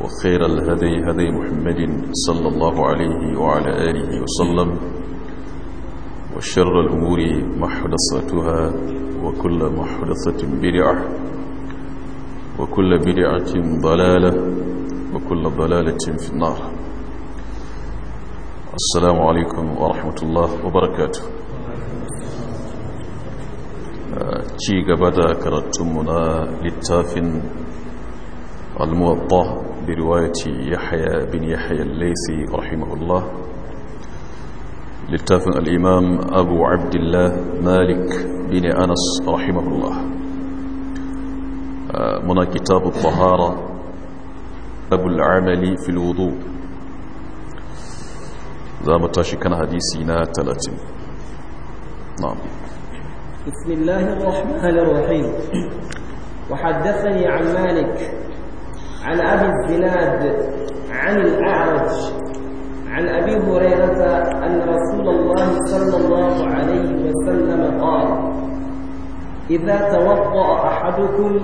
وخير الهدي هدي محمد صلى الله عليه وعلى آله وسلم وشر الأمور محدثتها وكل محدثة بدعة وكل بدعة ضلالة وكل ضلالة في النار السلام عليكم ورحمة الله وبركاته ci gaba da karatunmu برواية يحيى بن يحيى الليثي رحمه الله للتافن الإمام أبو عبد الله مالك بن أنس رحمه الله منا كتاب الطهارة أبو العمل في الوضوء ذا متاشي كان حديثنا 30 نعم بسم الله الرحمن الرحيم وحدثني عن مالك عن أبي الزناد عن الأعرج عن أبي هريرة أن رسول الله صلى الله عليه وسلم قال إذا توضأ أحدكم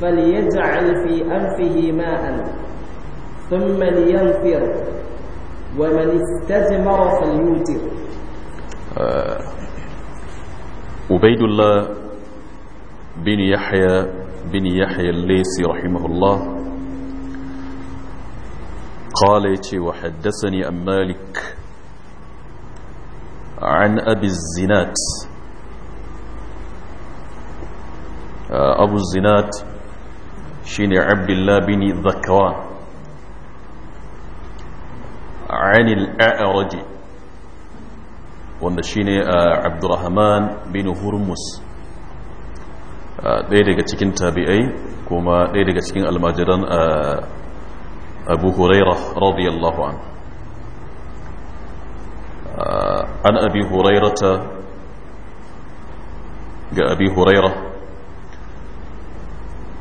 فليجعل في أنفه ماء ثم لينفر ومن استجمر فليوتر آه، عبيد الله بن يحيى بن يحيى الليسي رحمه الله قال يتي وحدثني عن مالك عن أبي الزنات أبو الزنات شين wanda shine ne abdurrahman bin hurmus ɗaya daga cikin tabi'ai kuma ɗaya daga cikin almajiran أبو هريرة رضي الله عنه عن أبي هريرة جاء أبي هريرة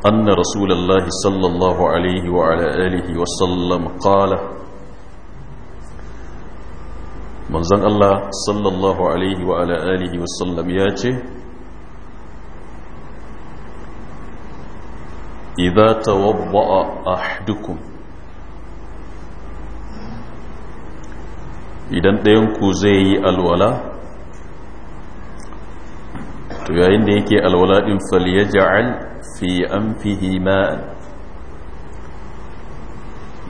أن رسول الله صلى الله عليه وعلى آله وسلم قال من زن الله صلى الله عليه وعلى آله وسلم ياتي إذا توضأ أحدكم idan ɗayanku zai yi alwala to yayin da yake alwala ɗin falyaja'al fi an ma'an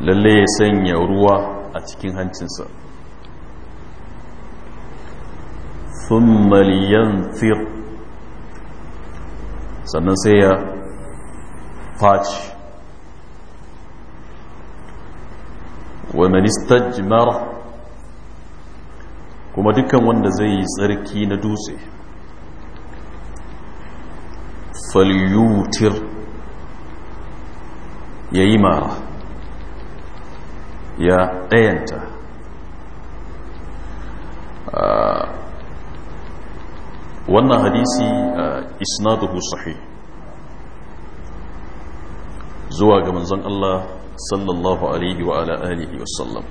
lalle ya sanya ruwa a cikin hancinsa maliyan fir. sannan sai ya faci wa man istajmara kuma dukkan wanda zai yi tsarki na dutse falyutir ya yi mara ya ɗayanta ah, wannan hadisi ah, isnaduhu sahih zuwa ga manzon Allah sallallahu alaihi wa ala alihi wasallam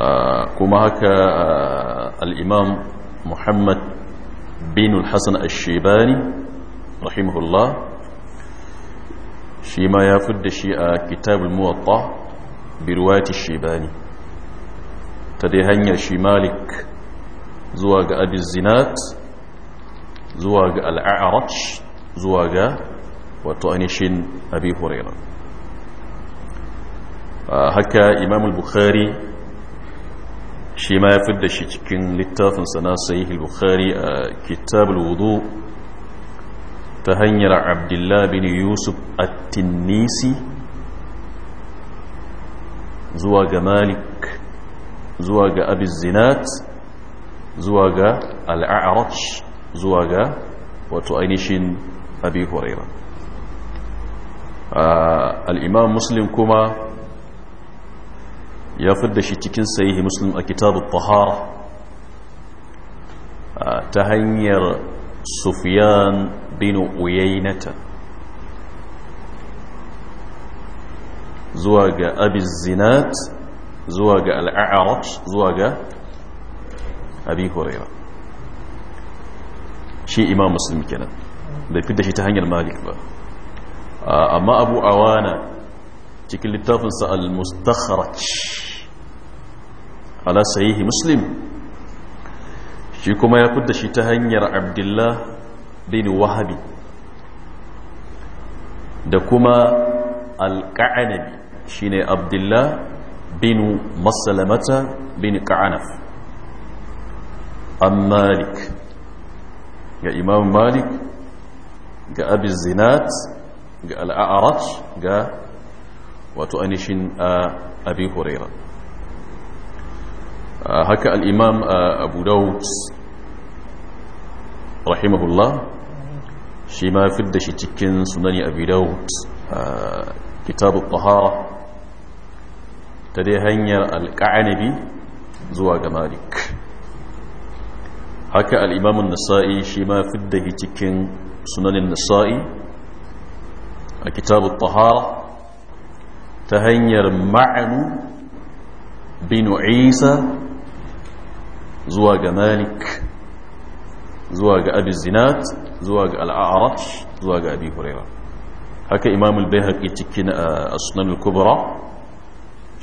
آه، كما هكا آه، الإمام محمد بن الحسن الشيباني رحمه الله فيما يفد شيء آه، كتاب الموطا برواية الشيباني تدهن شي مالك زواج أبي الزنات زواج الأعرج زواج وتؤنشين أبي هريرة هكا إمام البخاري shi ma ya fidda shi cikin littafinsa na sahihul bukhari a kitabul wudu ta hanyar abdullah bin yusuf at-tinnisi zuwa ga malik zuwa ga Abiz zinat zuwa ga al-a'raj zuwa ga wato ainihin abi hurairah ah, al-imam muslim kuma ya fidda shi cikin sahihi muslim a kitab al tahara ta hanyar sufyan bin uyainata zuwa ga abiz zinat zuwa ga al'a'arat zuwa ga abi huraira shi imam muslim kenan da fidda shi ta hanyar malik ba amma abu awana cikin littafinsa al-mustakharaj ala sahihi muslim shi kuma ya fidda shi ta hanyar abdullah bin wahabi da kuma al-ka'anabi shine abdullah bin masalamata bin ka'anaf an malik ga imam malik ga abin zinat ga al'a'arat ga wato anishin abi huraira haka al'imam abu daud rahimahullah shi ma fi da shi cikin sunani abu daud kitabu tahara ta dai hanyar alƙa'anabi zuwa ga malik haka al'imamun nasa'i shi ma fidda shi cikin sunanin nasa'i a kitabu tahara ta hanyar ma'anu bin isa zuwa ga malik zuwa ga abu zinat zuwa ga al'arash zuwa ga abi huraira haka imam al-bayhaqi cikin as-sunan kubra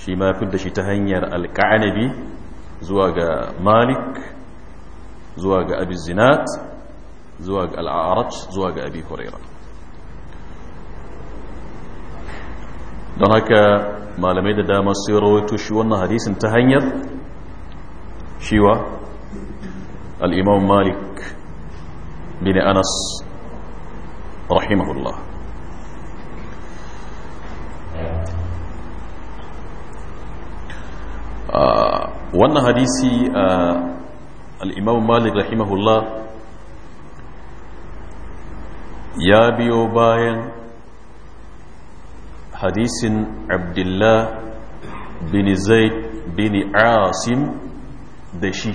shi ma fi da shi ta hanyar al zuwa ga malik zuwa ga abu zinat zuwa ga al'arash zuwa ga abi huraira don haka malamai da dama sai rawaito shi wannan hadisin ta hanyar shiwa al'imam malik bin anas rahimahullah wannan hadisi al'imam malik rahimahullah ya biyo bayan حديث عبد الله بن زيد بن عاصم دشي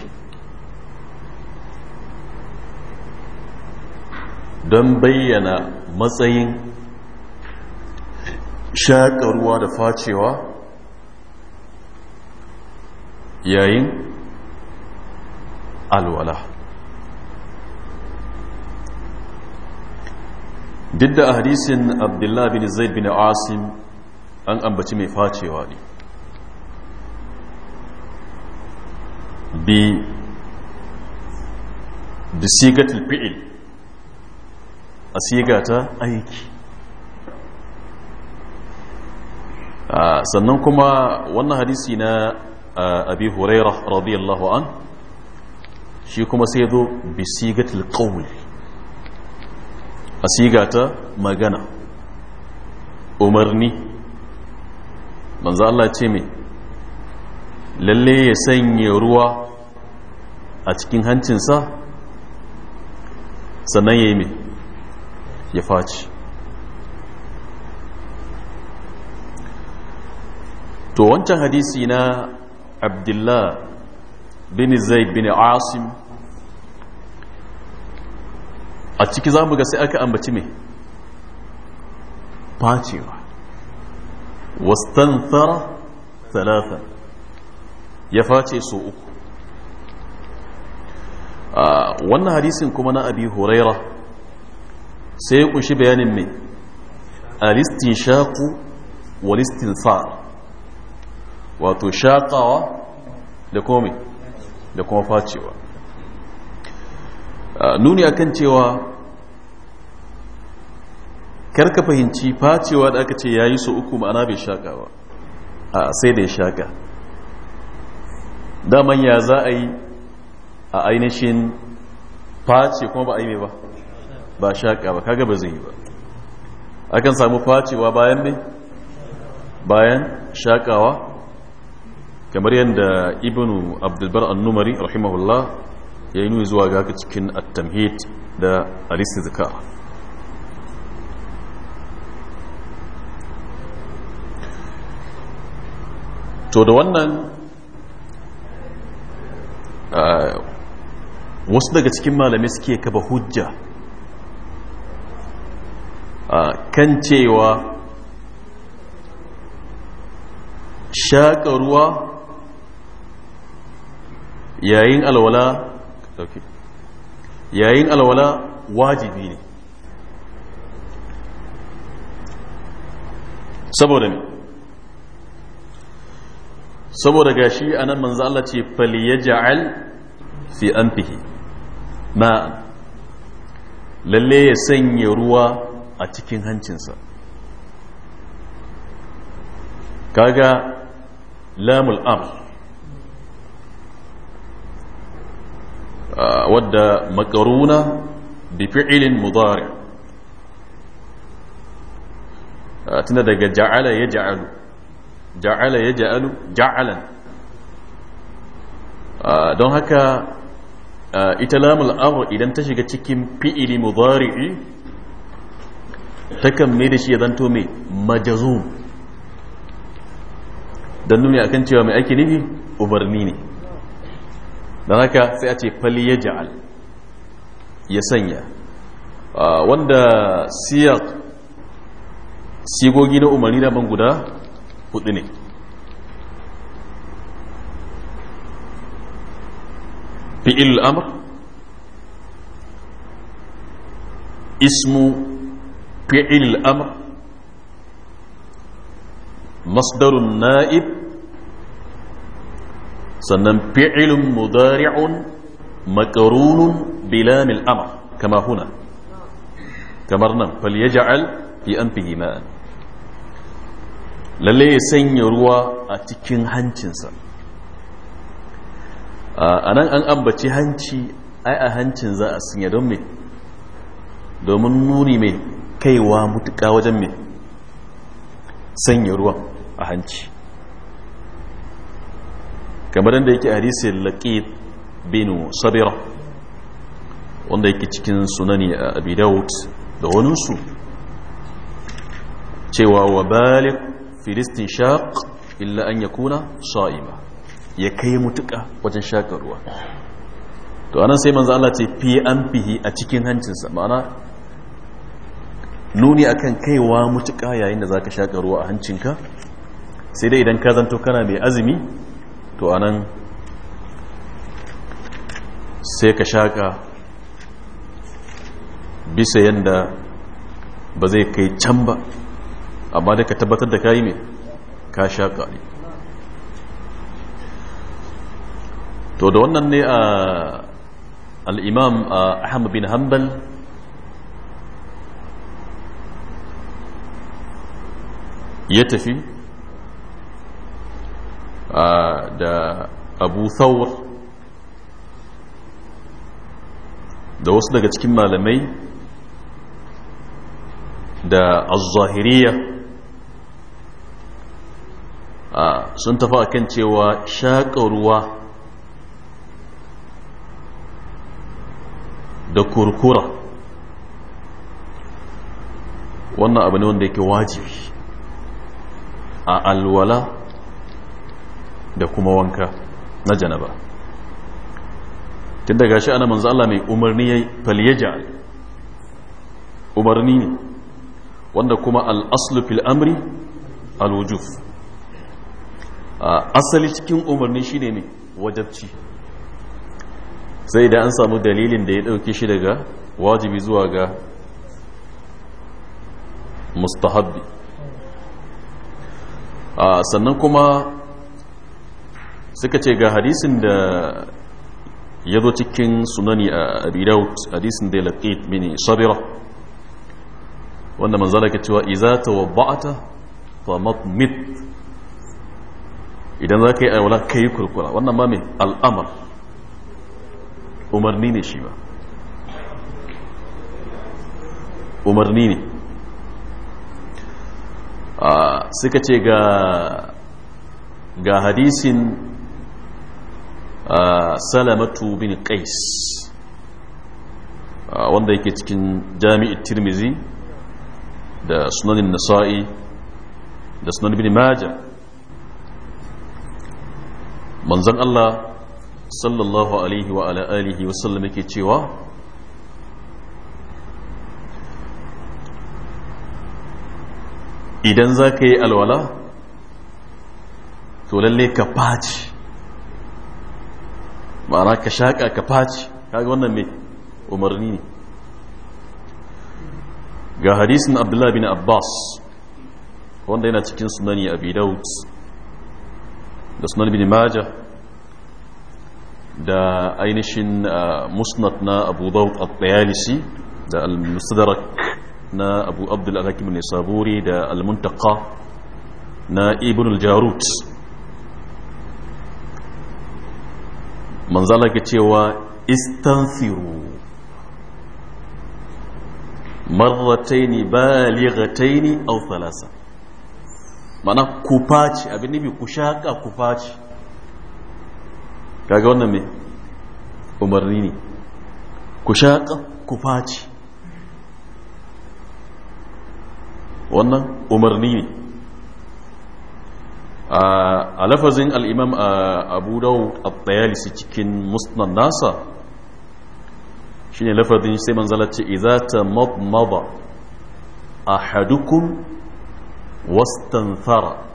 don bayyana matsayin shaƙarwa da facewa yayin alwala duk da hadisin abdullahi bin zaid bin asim an ambaci mai facewa ne bi da sigatul fi'il a siga ta aiki sannan kuma wannan hadisi na abi huraira radiyallahu an shi kuma sai zo bi sigatul qawli a siga ta magana umarni manzo Allah ce mai lalle ya sanya ruwa a cikin hancinsa sannan ya yi mai ya faci to wancan hadisi na abdullah bin zaid bin asim a ciki za mu ga sai aka ambaci mai facewa wastanthara talata ya face so uku wannan hadisin kuma na abi huraira sai ya kunshi bayanin mai alistin shaku walistin sa'ar wato shakawa da kome da kuma facewa nuni akan cewa kar ka fahimci facewa da aka ce ya yi so uku ma'ana bai shaka ba a sai da ya shaka daman ya za a yi a ainihin face kuma ba a yi mai ba ba shaka ba kaga ba zai yi ba akan samu facewa bayan ne? bayan shakawa kamar yadda Ibn abdulbar annumari rahimahullah ya yi zuwa ga cikin attamhid da al to da wannan wasu daga cikin malamai suke kaba hujja kan cewa shaƙa ruwa yayin alwala dauke yayin alwala wajibi ne saboda ne saboda gashi a nan manzo Allah ce falyaj'al fi anfihi ma lalle ya sanya ruwa a cikin hancinsa kaga lamul amr wadda makaruna bi fi'ilin mudari tunda daga ja'ala ya ja'alu ja'ala ya ja'alu ja'alan don haka ita lamul amr idan ta shiga cikin fi'ili mudari'i takan mai da shi ya zanto mai majazum don nuni akan cewa mai ake nufi umarni ne don haka sai a ce fali ya ja'al ya sanya wanda siyar sigogi na umarni da banguda hudu ne fi'il amr ismu fi'il amr masdarun na'ib sannan fi'ilun mudari'un makarunun bilamil amr kama huna kamar nan fal falyaj'al fi anfihi ma'an lalle ya sanya ruwa a cikin hancinsa a nan an ambaci hanci ai a hancin za a sanya don me domin nuni mai kaiwa mutuka wajen mai, sanya ruwa a hanci kamar da yake hadisi laqit bin sabira wanda yake cikin sunani a abi da waninsu cewa wa balik filistin shaq illa an ya kuna sha'ima ya kai mutuka wajen shaƙa to anan sai manzo Allah ce fi an fihi a cikin hancinsa ma'ana nuni akan kaiwa mutuka yayin da zaka ka ruwa a hancinka sai dai idan ka zanto kana mai azumi to anan sai ka shaƙa bisa yanda ba zai kai can ba amma da ka tabbatar da kayi mai ka shaƙa ne to da wannan ne a ah, al'imam ah, ahmad bin Hambal ya tafi da abu da wasu daga cikin malamai da az-zahiriyya sun tafi akan cewa shaƙa ruwa da kurkura wannan abu ne wanda yake wajibi a alwala da kuma wanka na janaba tun daga shi ana manzo Allah mai umarni ya falyaja umarni ne wanda kuma al'aslu fil amri a asali cikin umarni shine ne wajabci sai da an samu dalilin da ya ɗauki shi daga wajibi zuwa ga mustahabbi sannan kuma suka ce ga hadisin da ya zo cikin sunani a abidaut hadisin da laƙi mini sabira wanda manzala ke cewa iza ba'ata fa matmit idan za ka yi aiwala ka yi kurkura wannan ma mai al'amar umarni ne shi ba umarni ne ah, suka ce ga ga hadisin salamatu bin qais wanda yake cikin jami'in tirmizi da sunanin nasa'i da sunan bin maja manzan allah sallallahu alaihi wa ala wasallam yake cewa idan za ka yi alwala to lalle ka faci ma'ana ka shaƙa ka faci kaga wannan mai umarni ne ga hadisin abdullahi bin abbas wanda yana cikin sunani abi daud da sunan bin maja da ainihin uh, musnad na abu daud al da al-mustadrak na abu abdul al-hakim ne saburi da al-muntaka na ibn al-jarut manzala ke cewa istanfiru marrataini balighataini aw thalasa mana ku faci abin nufi ku shaka kufaci kaga wannan me umarni ne ku shaka ku wannan umarni ne a lafazin al'imam abu daud al-tayalisi cikin musnan nasa shi ne lafazin sai manzala ce iza ta madmada a hadukun wastanthara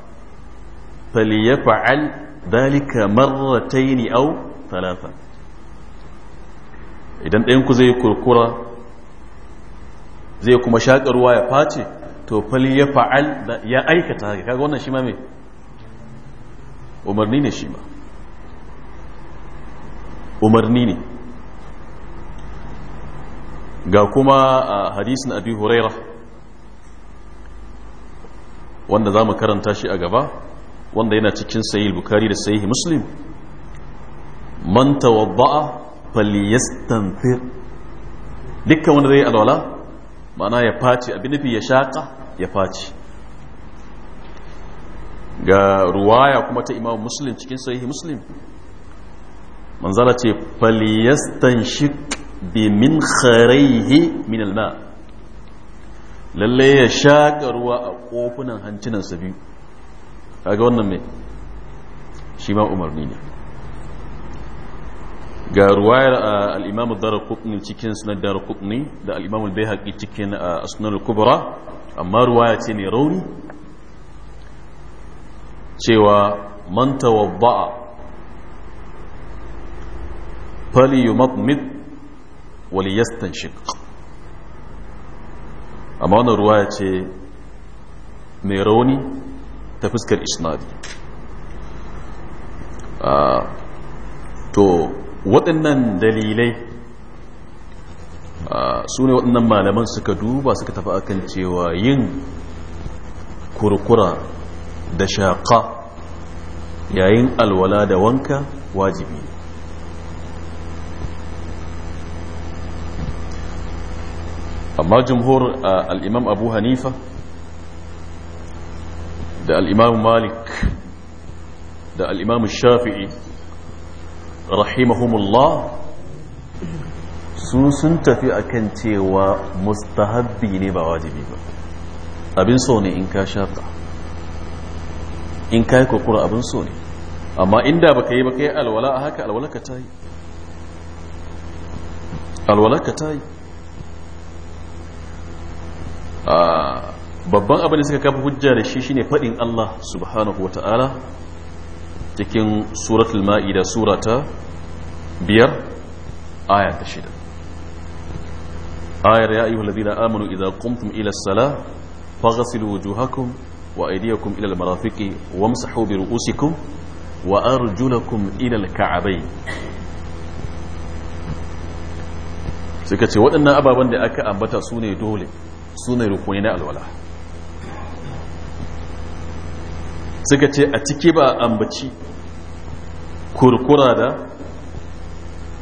فليفعل ذلك ni au ثلاثة idan ɗayanku zai kurkura zai kuma shaƙa ruwa ya face to fali ya fa'al ya aikata haka kaga wannan shi ma mai umarni ne shi ma umarni ne ga kuma a hadisin abi huraira wanda za mu karanta shi a gaba wanda yana cikin sayi bukari da sahih muslim man tawadda'a falyastanfir dukkan wanda zai alwala ma'ana ya faci abin nufi ya shaƙa ya faci ga ruwaya kuma ta imamu muslim cikin sahihi muslim manzala ce falyastanshik bi min kharaihi min alma lalle ya shaƙa ruwa a kofunan hancinansa biyu kaga wannan mai shi ma umarni ne ga ruwayar al'imamu dara kutni cikin sunan dara kubni da al'imamu bai haƙi cikin asunan kubra amma ruwaya ce mai rauni cewa man tawabba'a fali yumatmid wali yastanshik amma wannan ruwa ce mai rauni ta fuskar isnadi ah, to waɗannan dalilai ah, su ne waɗannan malaman suka duba suka tafi akan cewa yin kurkura da shaƙa yayin alwala da wanka wajibi amma jumhur al'imam abu hanifa da al'imam malik da al'imam shafi'i rahimahumullah su sun tafi akan cewa mustahabbi ne ba wajibi ba abin so ne in ka shaƙa in kai kurkura abin so ne amma inda baka yi baka yi alwala a haka alwala ka ta yi alwala ka ta yi ah, babban abin da suka kafa hujja da shi shine fadin Allah subhanahu wata'ala cikin suratul ma'ida surata biyar aya ta shida ayar ya ayyuhal ladina amanu idza qumtum ila as-salah faghsilu wujuhakum وأيديكم إلى المرافق وامسحوا برؤوسكم وأرجلكم إلى الكعبين suka ce waɗannan ababen da aka ambata su dole su ne na alwala suka a ciki ba ambaci kurkura da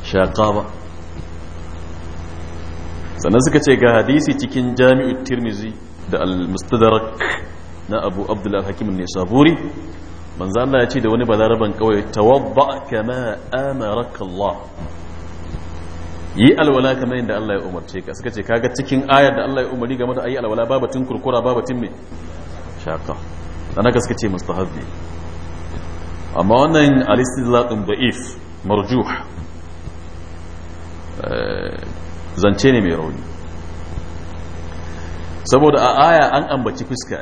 shaƙa sannan suka ce ga hadisi cikin jami'ar tirmizi da al-mustadrak na abu abdullahi hakimin ne saburi manzo Allah ya ce da wani bazaraban kawai tawadda kama amaraka Allah yi alwala kamar yadda Allah ya umarce ka suka ce kaga cikin ayar da Allah ya umari game da ayi alwala babatin kurkura babatin me shaka dan haka suka ce mustahabbi amma wannan al-istidlal din da'if marjuh eh, zance ne mai rauni saboda a aya an ambaci fuska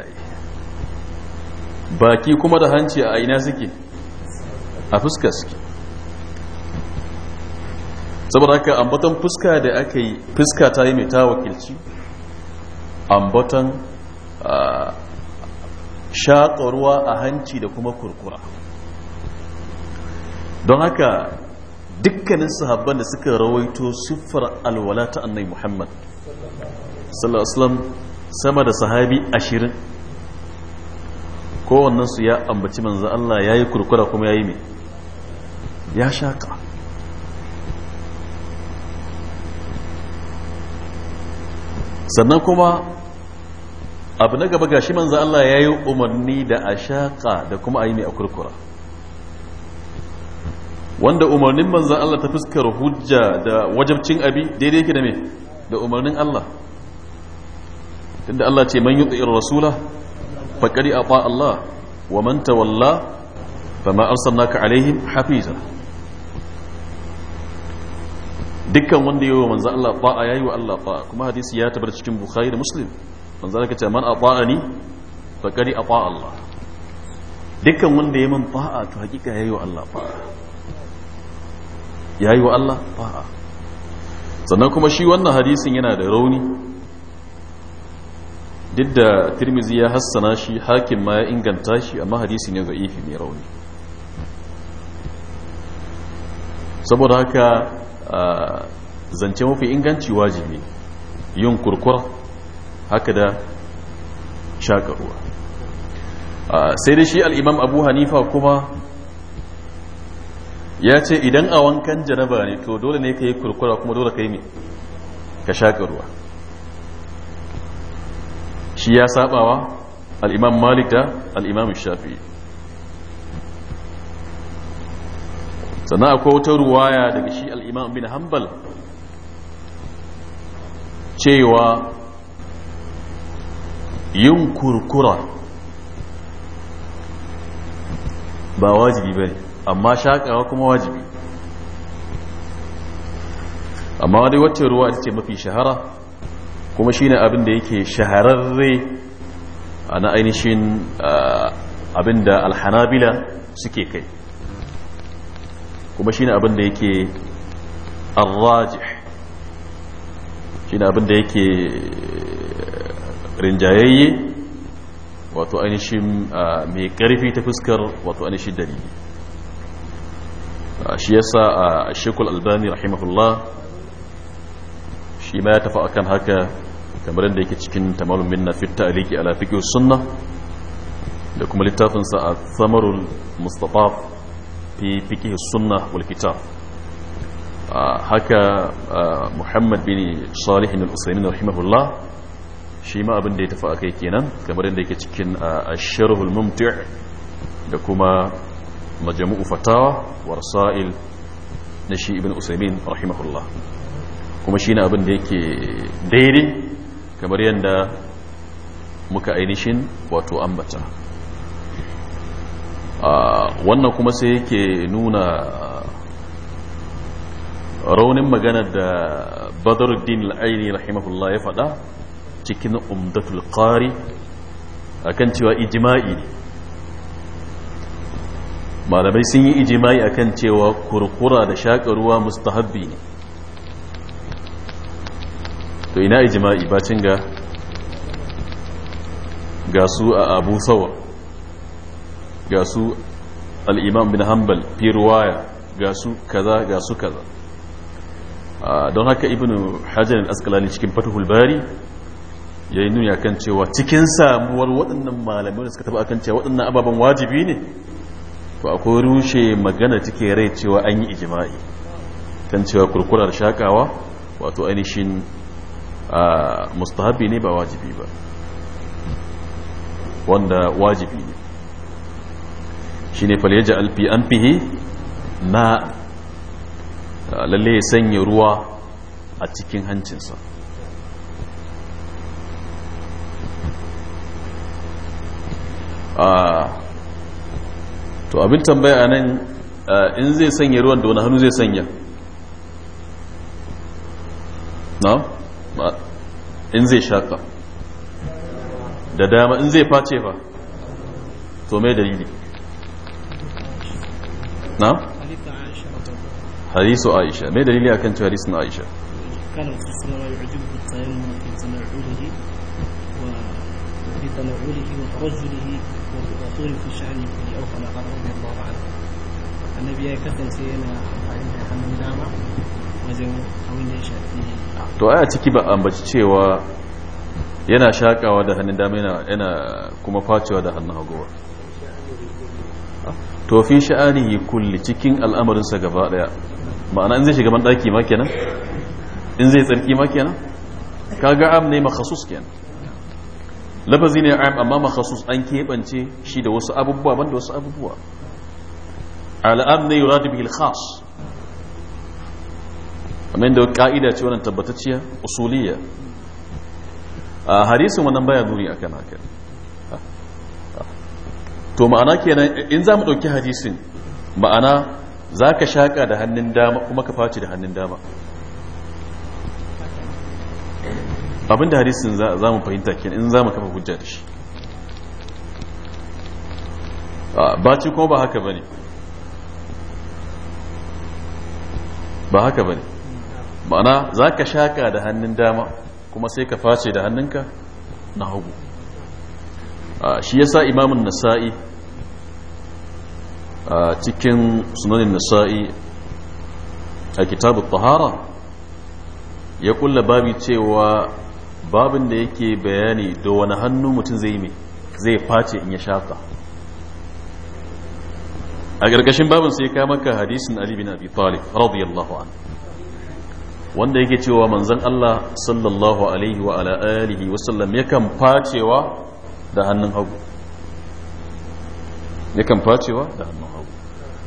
baki kuma da hanci a ina suke a fuska suke saboda haka ambaton fuska da aka yi fuska ta yi mai ta wakilci ambaton shaƙa ruwa a hanci da kuma kurkura don haka dukkanin sahabban da suka rawaito siffar alwala ta annai muhammad sallallahu alaihi sama da sahabi ashirin kowannen su ya ambaci manzo Allah ya yi kurkura kuma ya yi mai ya shaƙa. sannan kuma abu na gaba gashi manzo Allah ya yi umarni da a shaka da kuma a yi mai a kurkura wanda umarnin manzo Allah ta fuskar hujja da wajabcin abi daidai yake da mai, da umarnin Allah tunda Allah ce man yuti rasula Faƙari a ata Allah wa manta man tawalla fama ka alaihim hafiza dukkan wanda yi wa manzo Allah ya yi wa Allah ta'a kuma hadisi ya tabbata cikin Bukhari da Muslim manzo Allah kace man faƙari a ata Allah dukkan wanda yayi man ta'a to hakika ya yi wa Allah Ya yi wa Allah ta'a sannan kuma shi wannan hadisin yana da rauni duk da tirmizi ya hassana shi hakim ma ya inganta shi amma hadisi ne za'ifi mai rauni saboda haka zance mafi inganci wajibi yin kurkura haka da shakarwa sai da shi al'imam abu hanifa kuma ya ce idan a wankan janaba ne to dole ne ka yi kurkura kuma dole ka yi ne ka shakarwa shi ya sabawa al'imam malik da al'imam shafi sannan akwai wata ruwaya daga shi al'imam bin hambal. cewa yin kurkura ba wajibi ba amma shaƙawa kuma wajibi amma wani wacce ruwa ita ce mafi shahara kuma shine abin da yake shahararre ana ainihin abin da alhanabila suke kai kuma shine abin da yake arrajih shine abin da yake rinjayayye wato ainihin mai karfi ta fuskar wato ainihin dalili shi yasa a shekul albani rahimahullah shi ma ya tafi akan haka kamar yadda yake cikin tamalun minna fi ta'liqi ala fiqh sunna da kuma littafin sa samarul mustafa fi fiqh sunna wal kitab haka Muhammad bin Salih bin usaymin rahimahullah shi ma abin da ya tafi akai kenan kamar yadda yake cikin asharhul mumti da kuma majmu'u fatawa wa rasail na shi ibn Usaymin rahimahullah kuma shi ne abin da yake daidai kamar yadda muka ainihin wato ambata wannan kuma sai yake nuna raunin maganar da badaruddin al'aini rahimahullah ya faɗa cikin umdatul qari akan cewa ijima'i malamai sun yi ijima'i akan cewa kurkura da shaƙa ruwa mustahabbi ne to ina ijma'i bacin ga ga su a abu sawa ga su al'imam bin hanbal fi ruwaya ga kaza ga kaza don haka ibn hajjar al'askalani cikin fatahul bari ya yi nuna kan cewa cikin samuwar waɗannan malamai da suka taɓa kan cewa waɗannan ababen wajibi ne to akwai rushe magana cike rai cewa an yi ijima'i kan cewa kurkurar shakawa wato ainihin mustahabi ne ba wajibi ba wanda wajibi ne shi ne falyaja alfi an fihe na lalle ya sanya ruwa a cikin hancinsa to abin tambaya nan in zai sanya ruwan da wani hannu zai sanya na? in zai shaƙa da dama in zai face fa to mai dalili na? hadisu aisha mai dalili akan cewa hadisun aisha كان الصلاة يعجبه التيمم في تنعله وفي تنعله وترجله وطول في شعره أو خلقه رضي الله عنه النبي كتن سينا عند حمد دامه to a ciki ba ambaci cewa yana shakawa da hannun dama yana kuma facewa da hannun hagu to fi sha'anihi kulli cikin al'amarinsa gaba daya ma'ana in zai shiga man daki ma kenan in zai tsarki ma kenan kaga am ne makhasus kenan lafazi ne am amma makhasus an keɓance shi da wasu abubuwa ban da wasu abubuwa al'am ne yuradu bihi al-khas kamar da ka'ida ce wannan tabbatacciya usuliya a hadisin wannan baya nuni akan haka to ma'ana kenan in za mu ɗauki hadisin ma'ana za ka shaƙa da hannun dama kuma ka faci da hannun dama abinda hadisin za mu fahimta kenan in za mu kafa hujja da shi ci kuma ba haka ba ne ba haka ba ne ma'ana za ka shaƙa da hannun dama kuma sai ka face da hannunka na hagu shi yasa imamun nasa'i a cikin sunanin nasa'i a kitabu tahara ya kulla babi cewa babin da yake bayani da wani hannu mutum zai mai zai face in ya shaƙa. a ƙarƙashin babin sai ka maka hadisin ali bin abi talib radiyallahu anhu wanda yake cewa manzan Allah sallallahu alaihi wa ala alihi wa sallam yakan facewa da hannun hagu yakan facewa da hannun hagu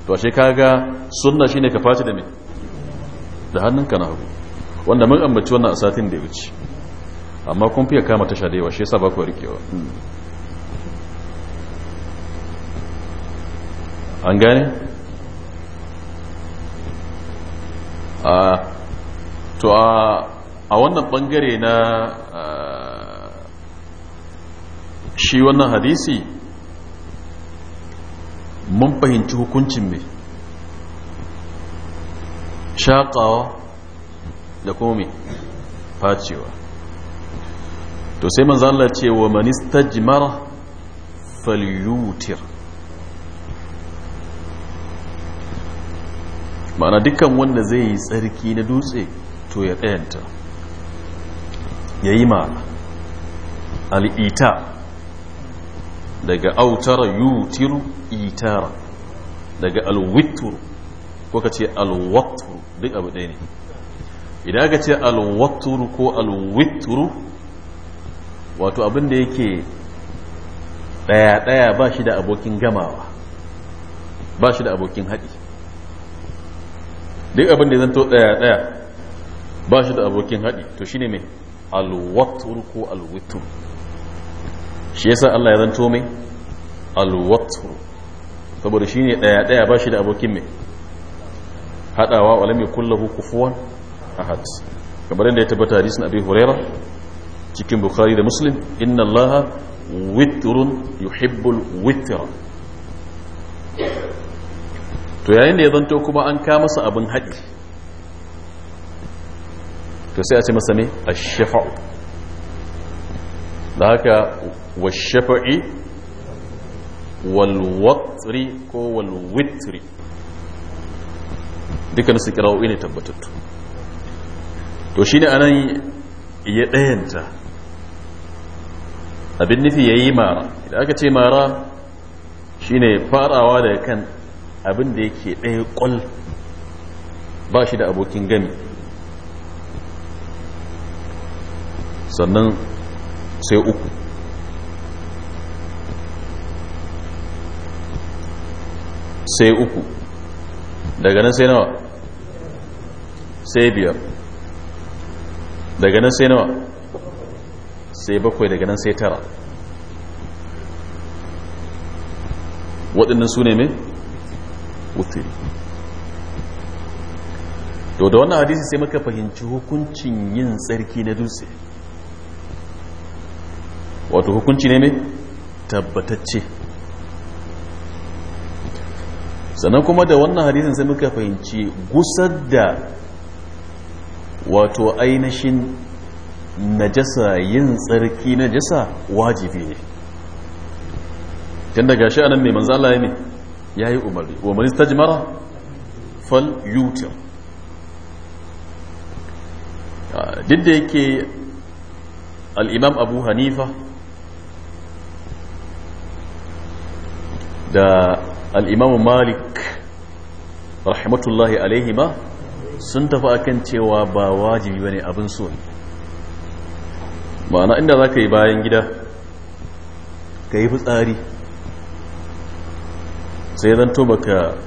to ashe kaga sunna shine ka face da me da ka na hagu wanda mun ambaci wannan a satin da ya wuce amma kun fiye kama tasha da yawa shi yasa ba ku rikewa hmm. an gane a ah, to a wannan bangare na shi wannan hadisi mun fahimci hukuncin mai shaƙawa da kuma facewa to sai manzala ce wa manista jimar falyutir ma'ana dukkan wanda zai yi tsarki na dutse to ya tsayanta ya yi ma al'ita daga autara yutiru itara daga alwittur ko ka ce alwattur duk abu ɗaya ne idan aka ce alwatturu ko alwitturu wato abin da yake ɗaya-ɗaya ba shi da abokin gamawa ba shi da abokin haɗi duk abin da zanto ɗaya-ɗaya ba shi da abokin haɗi to shine mai alwatur ko alwitur shi yasa Allah ya zanto mai alwatur saboda shine ɗaya ɗaya ba shi da abokin mai haɗawa wa lam yakul lahu kufuwan ahad kamar yadda ya tabbata hadisin abi huraira cikin bukhari da muslim inna allaha witrun yuhibbul witra to yayin da ya zanto kuma an ka masa abin haɗi to sai a ce masa ne a shafa da haka wa shafa'i walwatsiri ko walwitri dukkan su kira'o'i ne tabbatattu to shi ne a nan ya ɗayanta abin nufi ya yi mara da aka ce mara shi ne farawa daga kan abin da yake ɗaya ƙwal ba shi da abokin gami sannan sai uku sai uku daga nan sai nawa sai biyar daga nan sai nawa sai bakwai daga nan sai tara waɗannan su ne mai wuce. to da wannan hadisi sai muka fahimci hukuncin yin tsarki na dutse wato hukunci ne mai tabbatacce sannan kuma da wannan hadisin sai muka fahimci gusar da wato ainihin najasa yin tsarki najasa wajibi ne tun daga shi anan mai manzala ne ya yi umarni umarni ta jimara fal yutir duk da yake al'imam abu hanifa da al'imamu malik rahmatullahi alaihi ba sun tafi akan cewa ba wajibi ba ne abin so ne ma'ana inda za ka yi bayan gida ka yi fitsari sai zan to baka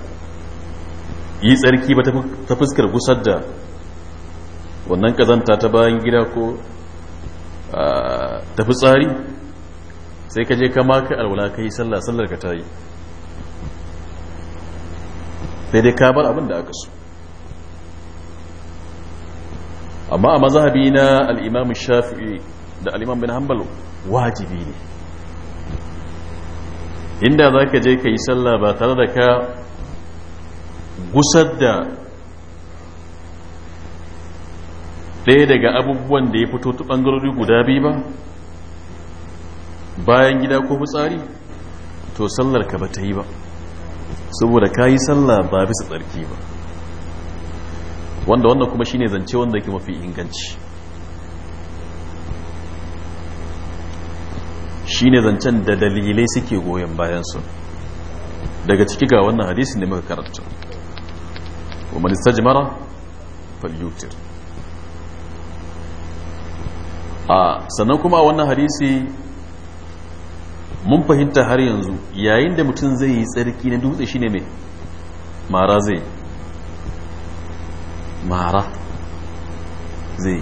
yi tsarki ba ta fuskar gusar da wannan kazanta ta bayan gida ko ta fitsari sai ka je ka maka alwala ka yi sallah sallar ka ta yi sai dai ka bar abin da aka so amma a mazhabi na al-imam shafi'i da al-imam bin hanbal wajibi ne inda za ka je ka yi sallah ba tare da ka gusar da ɗaya daga abubuwan da ya fito ta ɓangarori guda biyu ba bayan gida ko fitsari to sallar ka ba ta yi ba saboda ka yi sallah ba bisa tsarki ba wanda wannan kuma shine zance wanda yake mafi inganci shine zancen da dalilai suke goyon bayansu daga ciki ga wannan hadisin da muka karanta wa man istajmara falyutir a sannan kuma wannan hadisi mun fahimta har yanzu yayin da mutum zai yi tsarki na dutse shine mai mara zai mara zai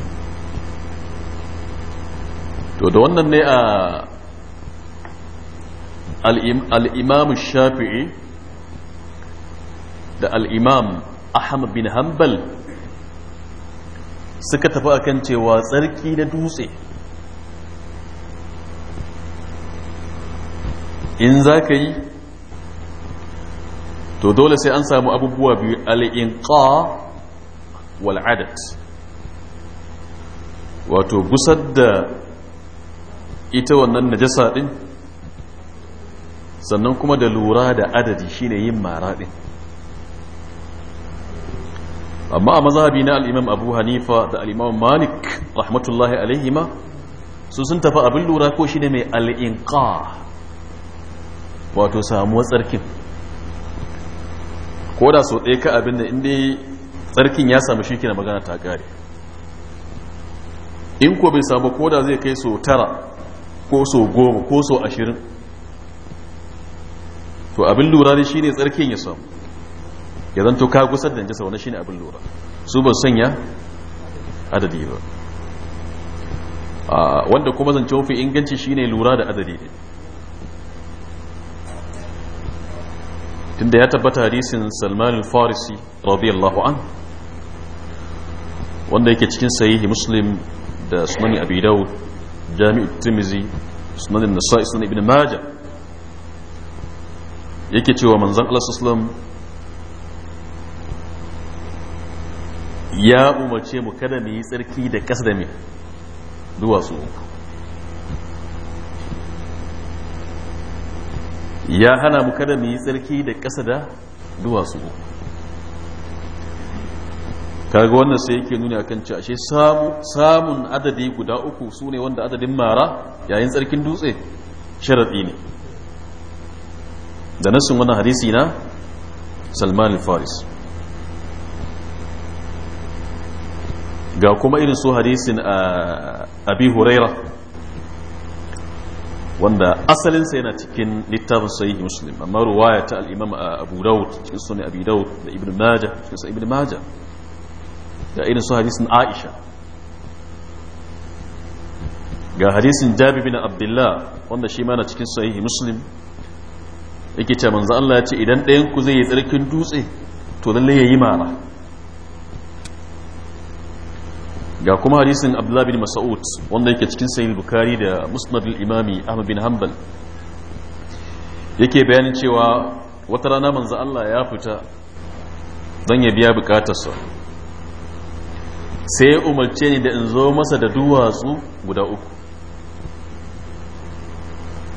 to da wannan ne a al'imam shafi'i da al'imam ahmad bin hanbal suka tafi akan cewa tsarki na dutse in za ka yi to dole sai an samu abubuwa biyu al'inƙa wal'adat wato gusar da ita wannan najasa ɗin sannan kuma da lura da adadi shine yin mara ɗin amma a mazhabi na al'imam abu hanifa da al'imam malik rahmatullahi alaihima su sun tafi abin lura ko shine mai al'inƙa wato samuwa tsarkin ko da sau ɗaya ka abin da inda tsarkin ya samu shi kina magana ta ƙare in ko bai samu ko da zai kai sau tara ko sau goma ko sau ashirin to abin lura ne shine tsarkin ya samu ya zanto ka gusar da jasa wani shine abin lura su ba sanya adadi ba ah, wanda kuma zance mafi inganci shine lura da adadi ne tunda ya tabbata hadisin salman al-farisi radiyallahu an wanda yake cikin sahihi muslim da sunani abi daud jami'u timizi sunan nasa'i sunan ibn majah yake cewa manzon Allah sallallahu ya umarce mu kada mu yi tsarki da kasa da mai duwatsu ya hana mu kada mu yi tsarki da ƙasa da duwatsu kaga wannan sai yake nuna akan cewa ashe samun adadi guda uku sune wanda adadin mara yayin tsarkin dutse sharadi ne da nasin wannan hadisi na Salman al-Faris ga kuma irin su hadisin a ah, Abi Huraira wanda asalinsa yana cikin littafin sahih muslim amma ruwaya ta al-imam uh, abu daud cikin sunan abi daud da ibn majah cikin sunan ibn majah da irin su hadisin aisha ga hadisin jabi bin abdullah wanda shi ma na cikin sahihi muslim yake ce manzo Allah ya ce idan ɗayan ku zai yi tsarkin dutse to lalle yayi mara ga kuma hadisin abdullahi bin mas'ud wanda yake cikin sahih bukhari da musnad al-imami ahmad bin hanbal yake bayanin cewa wata rana manzo Allah ya fita zan ya biya bukatarsa sai umarce ni da in zo masa da duwatsu guda uku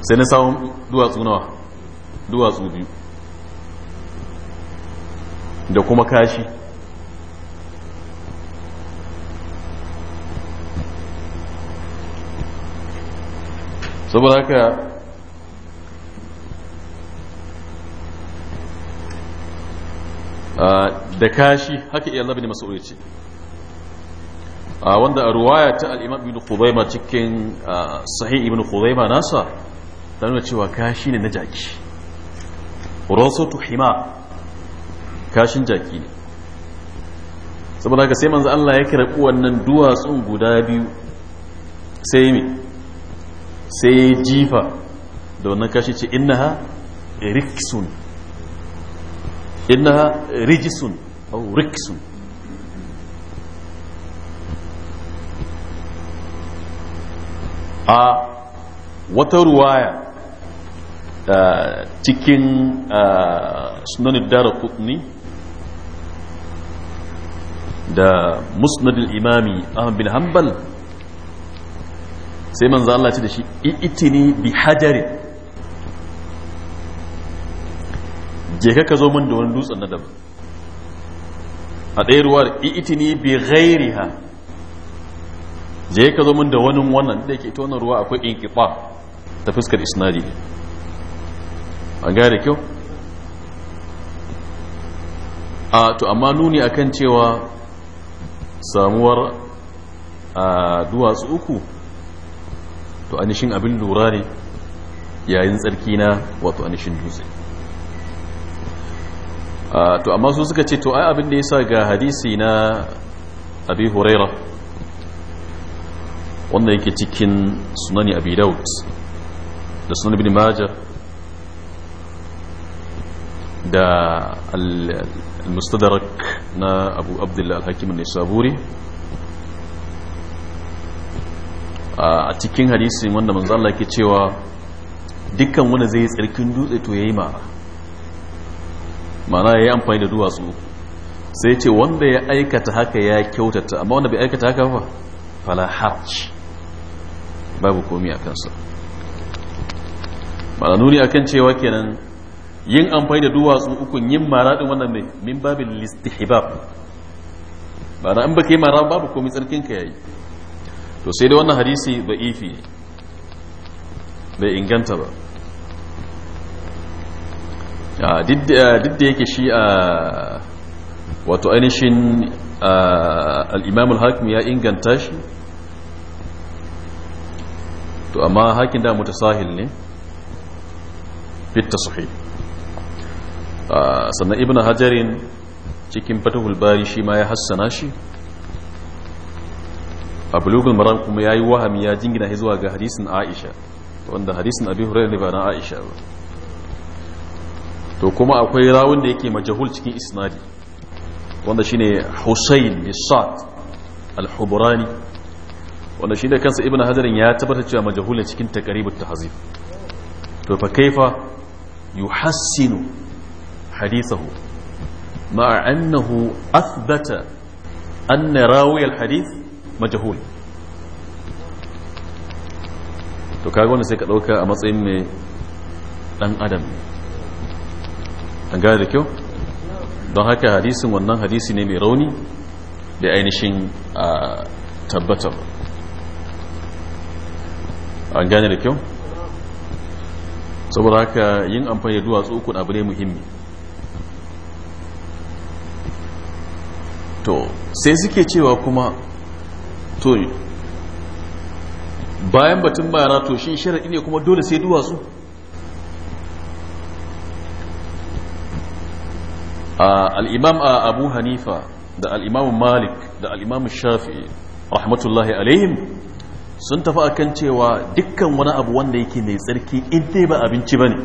sai na samu duwatsu nawa duwatsu biyu da kuma kashi saboda haka da kashi haka iya labin masu ce wanda a ruwaya ta al'imam ibn khuzaima cikin sahih ibn khuzaima nasa ta nuna cewa kashi ne na jaki rosotu hima kashin jaki ne saboda haka sai manzo Allah ya kira wannan duwatsun guda biyu sai mai sai jifa da wannan kashi ce rikisun riksun ha rijisun au riksun a wata ruwaya cikin sunanin dara kutni da musnadul imami ahmad bin hanbal sai manzo Allah ce da shi itini bi hajari je ka ka zo min da wani dutsen na daban a ɗaya ruwar itini bi ghairiha je ka zo min da wani wannan da yake tona ruwa akwai inqita ta fuskar isnadi ne an da kyau a to amma nuni akan cewa samuwar a duwatsu uku wato anishin abin lura ne yayin tsarki na wato anishin dutse to amma su suka ce to ai abin da yasa ga hadisi na abi huraira wanda yake cikin sunani abi daud da sunan ibn majah da al-mustadrak na abu abdullah al-hakim an-nisaburi a cikin hadisi wanda manzo Allah yake cewa dukkan wanda zai yi tsarkin dutse to ya yi ma mana yi amfani da duwatsu sai ce wanda ya aikata haka ya kyautata amma wanda bai aikata haka ba fala harj babu komi a kansa mana nuni a kan cewa kenan yin amfani da duwatsu uku yin maradin wannan mai min babin listihbab ba na an baka yi mara babu komi tsarkin ka yayi to sai dai wannan hadisi ba ifi bai inganta ba duk da yake shi a wato ainihin al'imam hakim ya inganta shi to amma hakin da mutasahil ne fitta suhi sannan ibn hajarin cikin fatahul bari shi ma ya hassana shi a bulugul maram kuma ya yi wahami ya jingina zuwa ga hadisin aisha wanda hadisin abi hurairu ne ba na aisha ba to kuma akwai rawun da yake majahul cikin isnadi wanda shine husayn bin sa'd al-hubrani wanda shine kansa ibn hajarin ya tabbata cewa majahul ne cikin taqribut tahzib to fa kaifa yuhassinu hadithahu ma'a annahu athbata anna rawi al-hadith majahul to kaga wanda sai ka ɗauka a matsayin mai ɗan adam an gane da kyau don haka hadisin wannan hadisi ne mai rauni da ainihin a tabbatar an gane da kyau saboda haka yin amfani da duwatsu uku abu ne muhimmi to sai suke cewa kuma to bayan batun mara to shi sharaɗi ne kuma dole sai duwatsu al'imam a abu hanifa da al'imam malik da al'imam shafi'i rahmatullahi alaihim sun tafi akan cewa dukkan wani abu wanda yake mai tsarki in dai ba abinci ba ne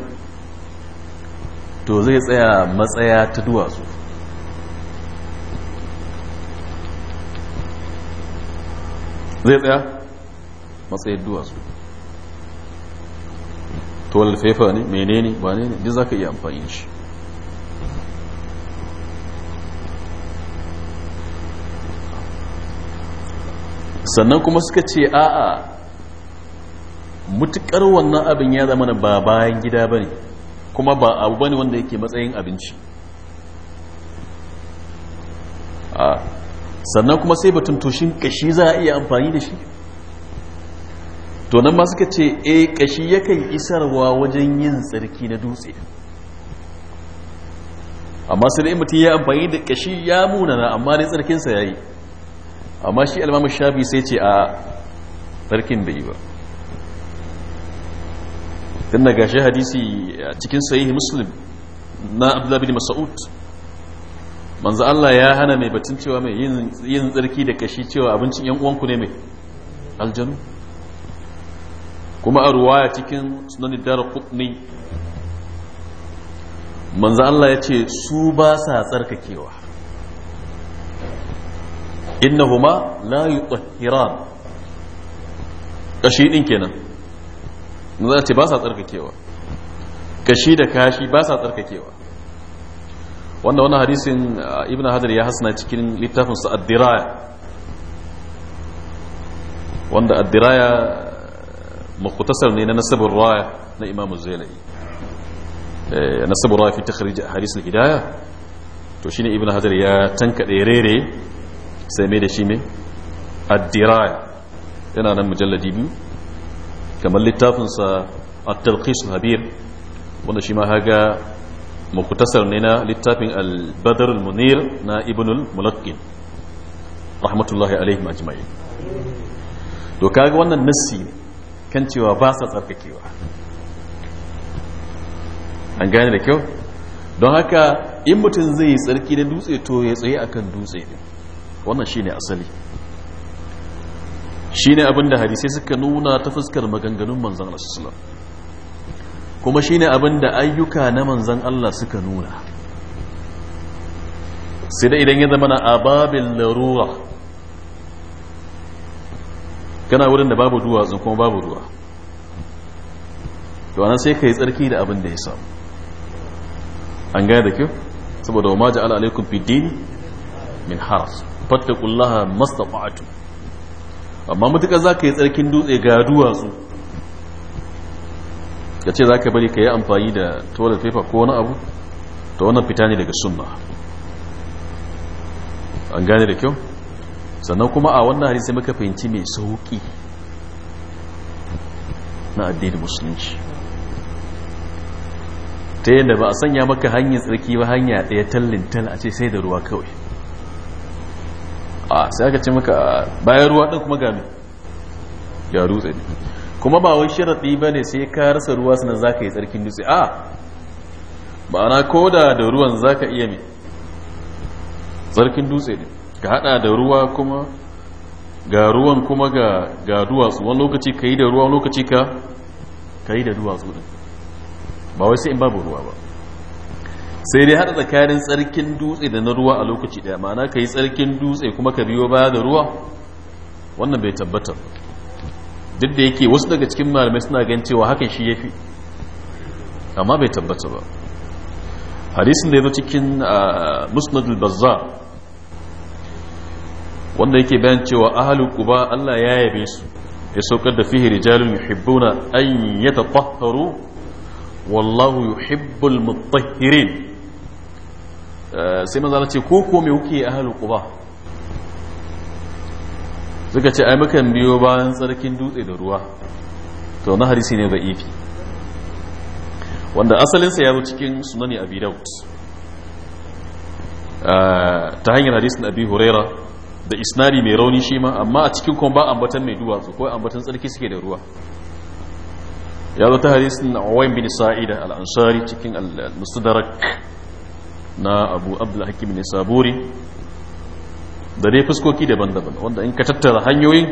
to zai tsaya matsaya ta duwatsu zai tsaya matsayin duwatsu tuwal fefa ne menene ba ne duk za ka iya amfani shi sannan kuma suka ce a'a mutukar wannan abin ya zama ba bayan gida ba ne kuma ba abu ba ne wanda yake matsayin abinci sannan kuma sai batun toshin kashi za a iya amfani da shi to nan ma suka ce e eh, kashi yakan isarwa wajen yin tsarki na dutse amma sai da mutum ya amfani da kashi ya munana amma dai tsarkinsa ya yi amma shi almamu shafi sai ce a tsarkin bai yi ba tun da gashi hadisi a cikin sahihi muslim na abdullahi bin mas'ud manzo Allah ya hana mai batun cewa mai yin tsarki da kashi cewa abincin yan uwanku ne mai aljanu kuma a ruwaya cikin sunan dara kudni manzo Allah ya ce su ba sa tsarkakewa innahuma la yutahhiran kashi din kenan manzo ya ce ba sa tsarkakewa kashi da kashi ba sa tsarkakewa wanda wani hadisin uh, ibn hajar ya hasana cikin littafinsa addiraya wanda addiraya uh, makutasar ne na nasabin raya na imamu zainai eh, nasabin raya fi takhrij hadis al-hidaya to shine ibn hajar ya tanka rere sai mai da shi ne addiraya yana nan mujalladi biyu kamar littafinsa a talqis habir wanda shi ma haga mukutasar ne na littafin al-badr al-munir na ibn al-mulaqqin rahmatullahi alaihim ajma'in to kaga wannan nassi kan cewa basa sa tsarkakewa an gane da kyau don haka in mutum zai yi tsarki da dutse to ya tsaye akan dutse ne wannan shine asali shine abinda hadisai suka nuna ta fuskar maganganun manzon Allah sallallahu alaihi wasallam kuma shine abin da ayyuka na manzan Allah suka nuna sai da idan ya zama na ababin larura kana wurin da babu duwatsu kuma babu ruwa to anan sai ka yi tsarki da abin da ya samu an gane da kyau saboda wa ma ja'ala alaikum fi min haras fattakullaha mastata'tum amma mutuka ka yi tsarkin dutse ga duwatsu ka ce za ka bari ka yi amfani da toilet paper ko wani abu ta wannan fita ne daga sunna an gane da kyau sannan kuma a wannan harisai muka fahimci mai sauki na addinin musulunci ta yadda ba a sanya maka hanyar tsarki ba hanya ɗaya tallin tal a ce sai da ruwa kawai a sai aka ce maka bayan ruwa ɗin kuma gami ya rutse kuma ba wai sharaɗi ba ne sai ka rasa ruwa sannan za ka yi tsarkin dutse a ma'ana ko da da ruwan za ka iya mai tsarkin dutse ne ka haɗa da ruwa kuma ga ruwan kuma ga duwatsu wani lokaci ka yi da ruwa lokaci ka ka yi da duwatsu ɗin ba wai sai in babu ruwa ba sai dai haɗa tsakanin tsarkin dutse da na ruwa a lokaci ɗaya ma'ana ka yi tsarkin dutse kuma ka biyo baya da ruwa wannan bai tabbatar duk da yake wasu daga cikin malamai suna gan cewa hakan shi fi amma bai tabbata ba hadisin da ya zo cikin ah, musnad bazza wanda yake bayan cewa ahlu quba Allah ya yabe su ya saukar da fihi rijalun yuhibbuna an yatatahharu wallahu yuhibbul mutahhirin eh, sai manzo ce ko ko me kuke ahlu quba suka ce ai mukan biyo bayan tsarkin dutse da ruwa to na hadisi ne da'ifi wanda asalinsa ya zo cikin sunani abi daud ah, ta hanyar hadisin abi huraira da isnari mai rauni shi ma amma a cikin kuma ba ambatan mai duwatsu ko ambatan tsarki suke da ruwa ya zo ta hadisin awayin bin sa'ida al'ansari cikin al-mustadrak na abu abdul hakim ne saburi da dai fuskoki daban-daban wanda in ka tattara hanyoyin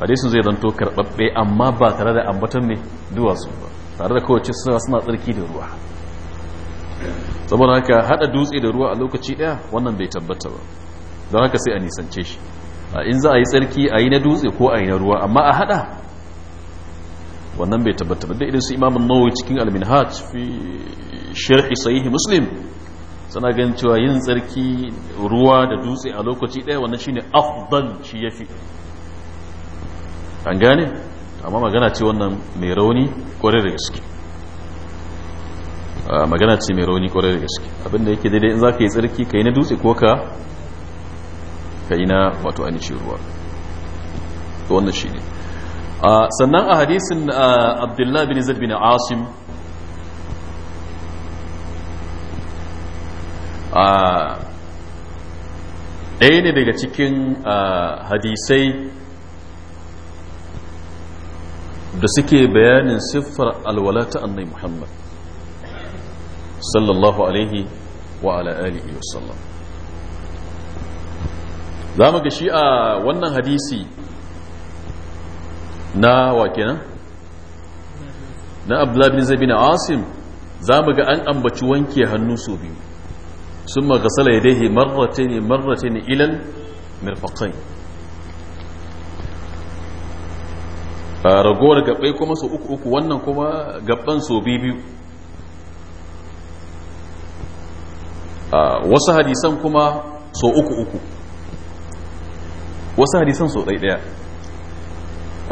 hadisin zai zanto karɓaɓɓe amma ba tare da ambatan ne duwatsu ba tare da kowace suna suna tsarki da ruwa saboda haka hada dutse da ruwa a lokaci ɗaya wannan bai tabbata ba don haka sai a nisance shi in za a yi tsarki a yi na dutse ko a yi na ruwa amma a hada wannan bai tabbata ba da irin su imamun nawawi cikin alminhaj fi sharhi sahihi muslim suna ganin cewa yin tsarki ruwa da dutse a lokaci ɗaya wannan shine afdal shi yafi an gane amma magana ce wannan mai rauni kwarai da gaske ah, magana ce mai rauni kwarai da gaske abinda yake daidai in za ka yi tsarki ka yi na dutse ko ka ka yi na wato ainihin ruwa wannan shi ne ah, sannan a hadisin ah, abdullahi bin zaid bin asim ɗaya ne daga cikin hadisai da suke bayanin siffar alwala ta annai muhammad sallallahu alaihi wa ala alihi wasallam za mu ga shi a wannan hadisi na wakilan na abdullahi bin zabi na asim za mu ga an ambaci wanke hannu su biyu ثم غسل ya مرتين مرتين ne المرفقين ne ilan كما سو ragowar اوكو kuma uku uku wannan kuma gaɓan su biyu wasu hadisan kuma so uku uku wasu hadisan so ɗaya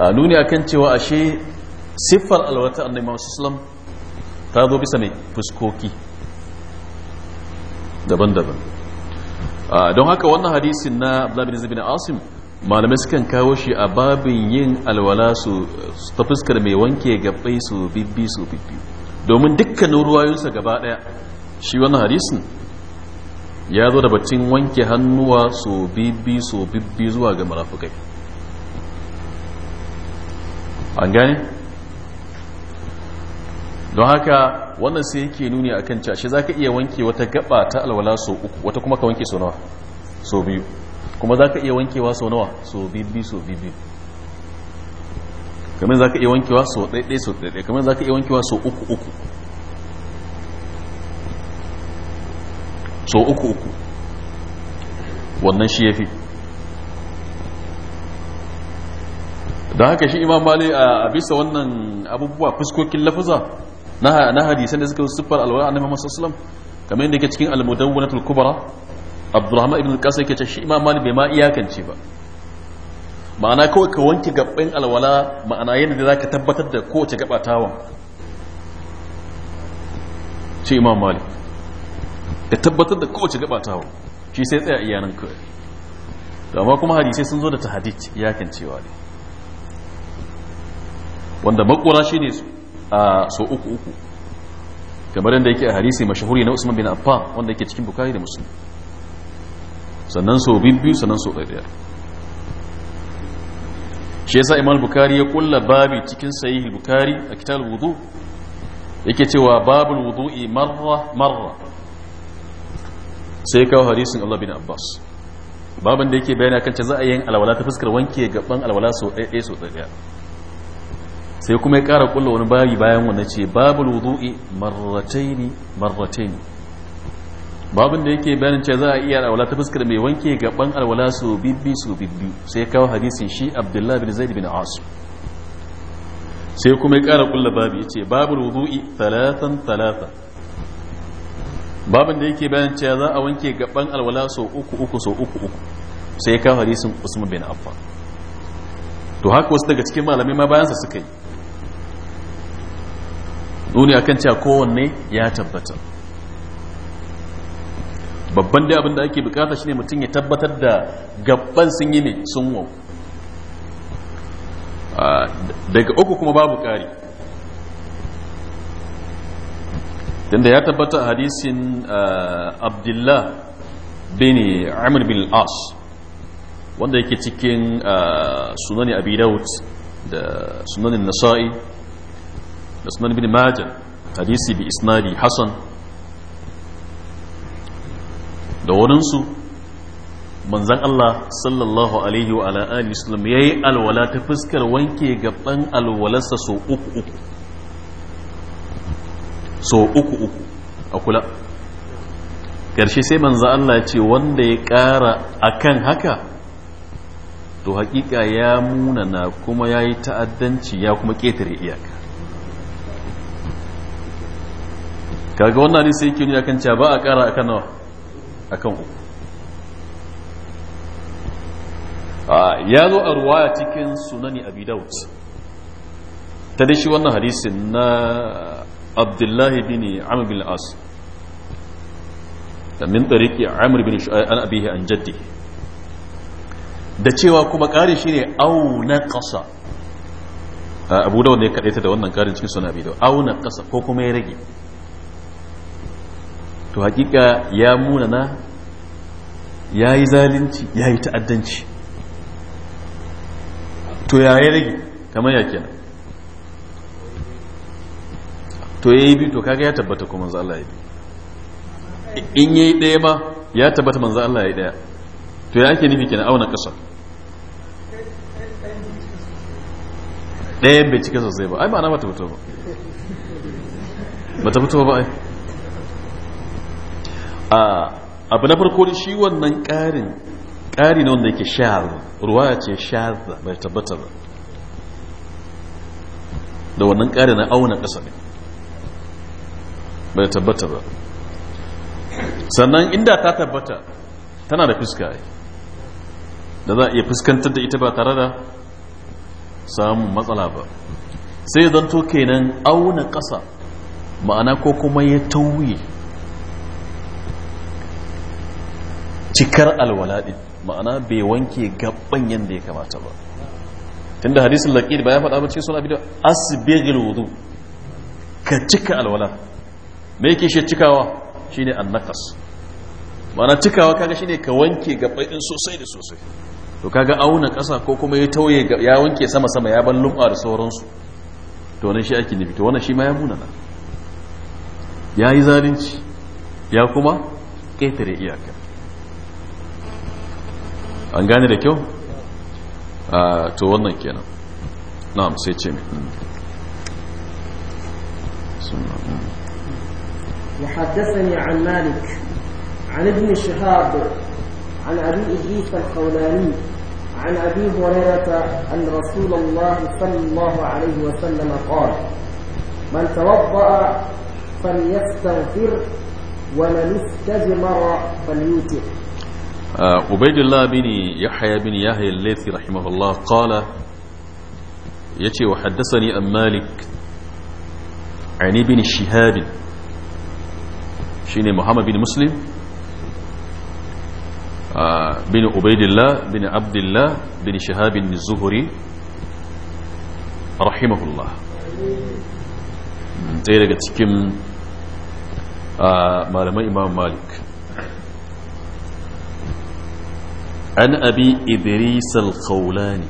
a nuni a kan cewa ashe siffar alwata annai masu islam ta zo bisa mai fuskoki daban-daban ah, don haka wannan hadisin na abdullahi bin zabin asim malamai sukan kawo shi a babin yin alwala su ta fuskar mai wanke gabbai su bibbi su bibbi domin dukkanin ruwayunsa gaba daya shi wannan hadisin ya zo da batun wanke hannuwa su bibbi su bibbi zuwa ga marafukai an gane don haka wannan sai yake nuni a kan cashe za ka iya wanke wata gaba ta alwala so uku wata kuma ka wanke so nawa so biyu kuma za ka iya wankewa so nawa so bibbi so bibbi kamar ka iya wankewa so ɗaiɗai so ɗaiɗai kamar ka iya wankewa so uku uku so uku uku wannan shi ya fi don haka shi imam mali a bisa wannan abubuwa fuskokin lafuza na hadisan da suka siffar alwala annabi Muhammad sallallahu alaihi wasallam kamar yadda yake cikin al-mudawwanatul kubra Abdurrahman ibn al-Qasim yake cewa shi Imam Malik bai ma iyakance ba ma'ana kawai ka wanke gaban alwala ma'ana yadda za ka tabbatar da kowace gaba tawon ce imam malik ka tabbatar da kowace gaba tawon shi sai tsaya iyanan kawai da amma kuma hadisai sun zo da ta hadith cewa ne wanda makura shi ne su a so uku uku kamar yadda yake a hadisi mashahuri na Usman bin affa wanda yake cikin bukari da musulmi sannan so biyu sannan so ɗaya shi yasa Imam bukari ya kulla babi cikin sayi bukari a kitar wudu yake cewa babul i marra marra sai kawo hadisin Allah bin Abbas babin da yake bayani kan ce za a yin alwala ta fuskar wanke gaban alwala so ɗaya so ɗaya sai kuma ya ƙara kulla wani babi bayan wanda ce babul wudu'i marrataini marrataini babin da yake bayanin cewa za a iya alwala ta fuskar mai wanke gaban alwala su bibbi su bibbi sai kawo hadisin shi abdullahi bin zaid bin asu sai kuma ya ƙara kulla babi ya ce babul wudu'i talatan talata babin da yake bayanin cewa za a wanke gaban alwala su uku uku su uku uku sai ya kawo hadisin usman bin affan to haka wasu daga cikin malamai ma bayansa suka yi nuni akan cewa kowanne ya tabbata babban da abin da ake bukata shine mutum ya tabbatar da gabban sun yi ne sun wau ah, daga uku kuma babu kari tunda ya tabbata hadisin ah, abdullah bin amir bin as wanda yake cikin ah, sunani abi da sunanin nasa'i da sunan bin majan hadisi bi isnadi hasan da wurinsu manzan Allah sallallahu alaihi wa ala alihi wasallam yayi alwala ta fuskar wanke gaban alwalarsa so uku uku so uku uku a kula karshe sai manzan Allah ya ce wanda ya ƙara akan haka to hakika ya munana kuma ya yi ta'addanci ya kuma ƙetare iyaka kaga wannan sai yake nuna kan cewa ba a kara akan nawa akan uku ya zo a ruwaya cikin sunani abi daud ta dai shi wannan hadisin na abdullahi bin amr bin as min tariki amr bin shu'aib an abihi an jaddi da cewa kuma kare shi ne au na ƙasa abu da wanda ya kaɗaita da wannan ƙarin cikin suna biyu au na ƙasa ko kuma ya rage to hakika ya munana ya yi zalunci ya yi ta'addanci to ya yi rage kamar ya kenan to ya yi bi to kaga ya tabbata kuma manzo Allah ya bi in ya yi ɗaya ma ya tabbata manzo Allah ya yi ɗaya to ya ake nufi kenan auna ƙasa ɗayan bai cika sosai ba ai na ba ta fito ba ba ta fito ba ai abu na farko shi wannan ƙarin ƙari na wanda yake shahar ruwa ce shahar bai tabbata ba da wannan ƙari na auna ƙasa ne bai tabbata ba sannan inda ta tabbata tana da fuska da za a iya fuskantar da ita ba tare da samun matsala ba sai zanto kenan auna ƙasa ma'ana ko kuma ya tauye cikar alwaladi ma'ana bai wanke gaban yadda ya kamata ba tunda hadisin laqid ba ya faɗa mace cikin bidiyo asbighil wudu ka cika alwala me ke shi cikawa shine annakas ma'ana cikawa kaga shi ne ka wanke gaban din sosai da sosai to kaga auna ƙasa ko kuma ya tauye ya wanke sama sama ya ban lum'a da sauransu to wani shi ake nufi to wani shi ma ya munana ya yi zalunci ya kuma ƙetare iyaka an gane da kyau a ah, to wannan kenan na'am sai ce mai hmm. hmm. وحدثني عن مالك عن ابن شهاب عن أبي إدريس الخولاني عن أبي هريرة أن رسول الله صلى الله عليه وسلم قال من توضأ فليستغفر ومن استجمر فليوتر آه، عبيد الله بن يحيى بن يحيى الليثي رحمه الله قال يتي وحدثني أم مالك عن ابن الشهاب شيني محمد بن مسلم آه، بن عبيد الله بن عبد الله بن شهاب الزهري رحمه الله ɗaya تكم cikin malamai imam an abi idris al-khawlani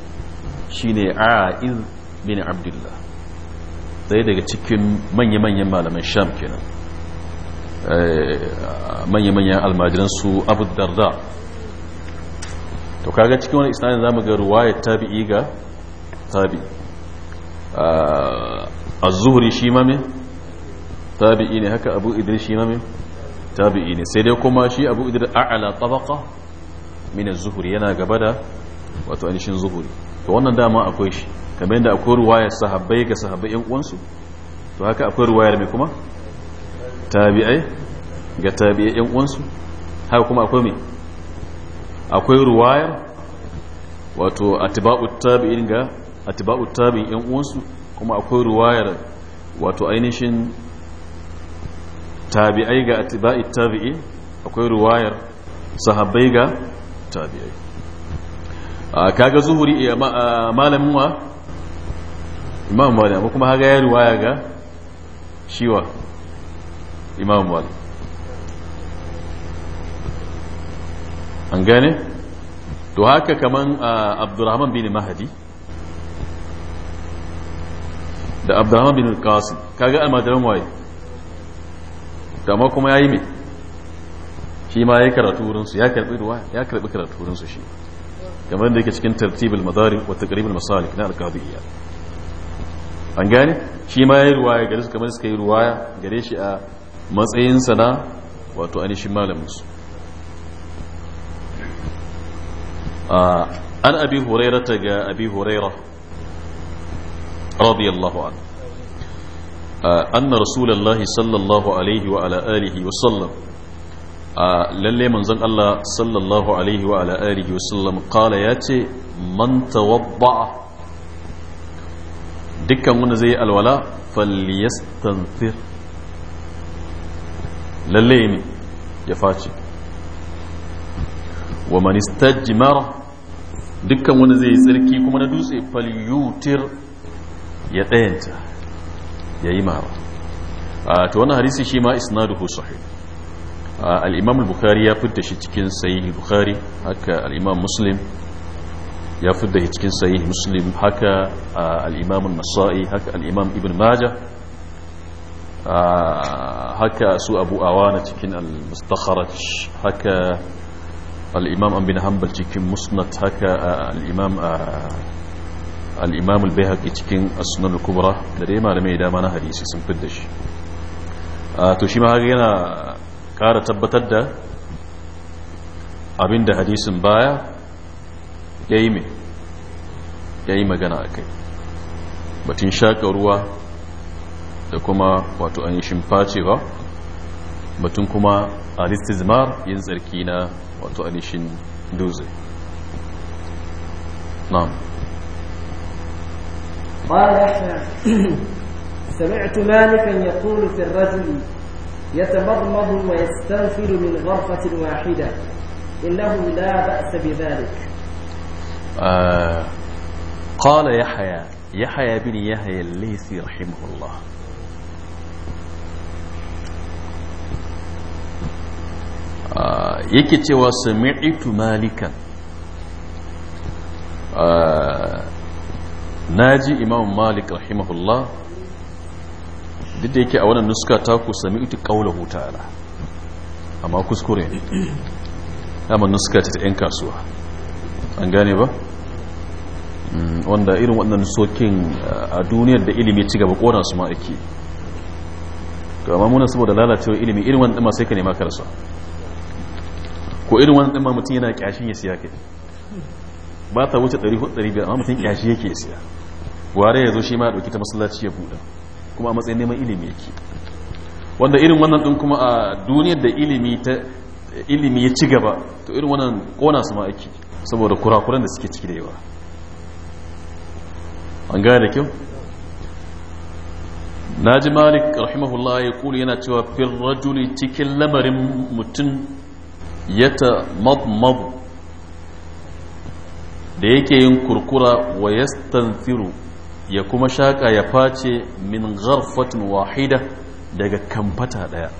shine a'iz bin abdullah ɗaya daga cikin manya-manyan malaman sham kenan manya-manyan almajiran su abu darda to kaga cikin wani isnadin zamu ga ruwayar tabi'i ga tabi az-zuhri shi ma me tabi'i ne haka abu idris shi ma me tabi'i ne sai dai kuma shi abu idris a'la tabaqa min az-zuhri yana gaba da wato ainihin zuhuri to wannan dama akwai shi kamar yadda akwai ruwayar sahabbai ga sahabbai yan uwansu to haka akwai ruwayar mai kuma tabi'ai ga tabi'ai yan uwansu haka kuma akwai mai akwai ruwayar wato atiba'ut tabi'in ga atiba'ut tabi'in yan uwansu kuma akwai ruwayar wato ainihin tabi'ai ga atiba'it tabi'in akwai ruwayar sahabbai ga tabi'ai kaga zuhuri eh, malamin wa imam wali amma kuma haga ya riwaya ga shiwa imam wali an gane to haka kaman abdurrahman bin mahadi da abdurrahman bin qasim kaga almadaran waye ma kuma yayi mai shi ma ya karatu wurinsu ya karbi ruwa ya karbi karatu wurinsu shi kamar da yake cikin tartibul madari wa taqribul masalik na al-qadiyya an gane shi ma yayi ruwaya gare su kamar suka yi ruwa gare shi a matsayin sa na wato shi malamin su an abi hurairah ga abi hurairah radiyallahu anhu anna rasulullahi sallallahu alaihi wa ala alihi wa sallam lalle manzon Allah sallallahu alaihi wa ala alihi wa sallam qala yace man tawadda dukkan wanda zai yi alwala falyastanthir lalle ne ya faci wa man istajmara dukkan wanda zai yi tsirki kuma na dutse falyutir ya tsayanta yi mara to wannan hadisi shi ma isnaduhu sahih al'imam bukhari ya fidda shi cikin sayi bukhari haka al'imam muslim ya fidda shi cikin sayi muslim haka al'imam nasa'i haka al'imam ibn Maja haka su abu awana cikin al-mustakharaj haka al'imam an bin hanbal cikin musnad haka al'imam al'imam al-bayhaqi cikin as-sunan al-kubra da dai malamai dama na hadisi sun fidda shi to shi ma yana Kara tabbatar da abinda hadisin baya ya yi mai magana a kai batun shaƙa ruwa da kuma wato an yi shimfacewa batun kuma aristizmar yin tsarki na wato anishin dutse na'am قال أحمد سمعت مالكا يقول في الرجل يتمضمض ويستنفر من غرفة واحدة إنه لا بأس بذلك آه، قال يحيى يحيى بن يحيى الليثي رحمه الله يكتي yake cewa ناجي malikan مالك رحمه imam malik rahimahullah duk da yake a wannan nuska ta ku sami ita kaula ta'ala amma kuskure ne amma nuska ta yan kasuwa an gane ba mm, wanda irin wannan sokin uh, a duniyar da ilimi ci gaba kona su ma ake to amma muna saboda lalacewa ilimi irin wannan ma sai ka nema karsa ko irin wannan ma mutum yana kyashin ya siya kai ba ta wuce 400 500 amma mutum kyashi yake siya ware ya zo shi ma ya dauki ta masallaci ya buɗe kuma a matsayin neman ilimi yake wanda irin wannan din kuma a duniyar da ilimi ta ilimi ya ci gaba to irin wannan kona su ma ake saboda kurakuran da suke ciki da yawa an gane da kyau naji malik rahimahullah ya kuli yana cewa fil rajuli cikin lamarin mutum ya ta da yake yin kurkura wa yastanfiru ya kuma shaƙa ya face min gharfatin wahida daga kamfata ɗaya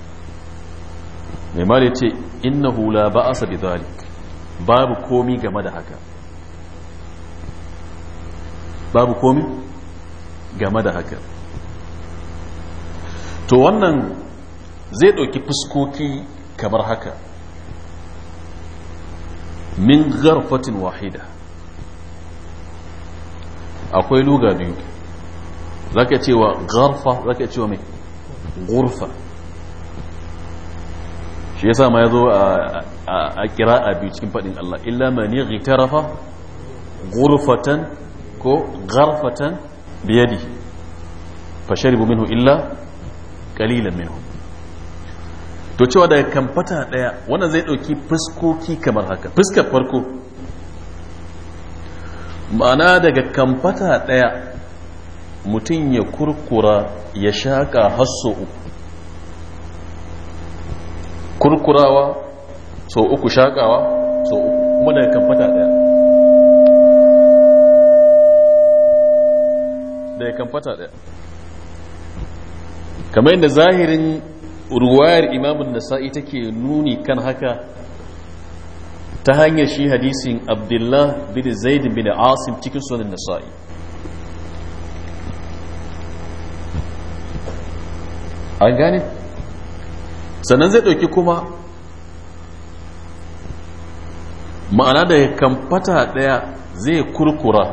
mai mali ce inna hula ba sabi bidalik babu komi game da haka babu komi game da haka to wannan zai ɗauki fuskoki kamar haka min gharfatin wahida akwai luga biyu zaka cewa garfa zaka cewa mai gurfa shi yasa ma ya zo a kira a biyu cikin fadin Allah illa man yaghitarafa gurfatan ko garfatan biyadi fasharibu minhu illa kalilan minhu to cewa daga kamfata daya wannan zai ɗauki fuskoki kamar haka fuskar farko ma'ana daga kamfata ɗaya mutum ya kurkura ya shaƙa hasso uku kurkurawa sau uku shaƙawa sau uku kuma daga kamfata ɗaya daga kamfata ɗaya kamar yadda zahirin ruwayar imamun nasa'i take nuni kan haka ta hanyar shi hadisin abdullah bin zaid bin asim cikin sunan nasa'i an gane sannan zai ɗauki kuma ma'ana da kamfata ɗaya zai kurkura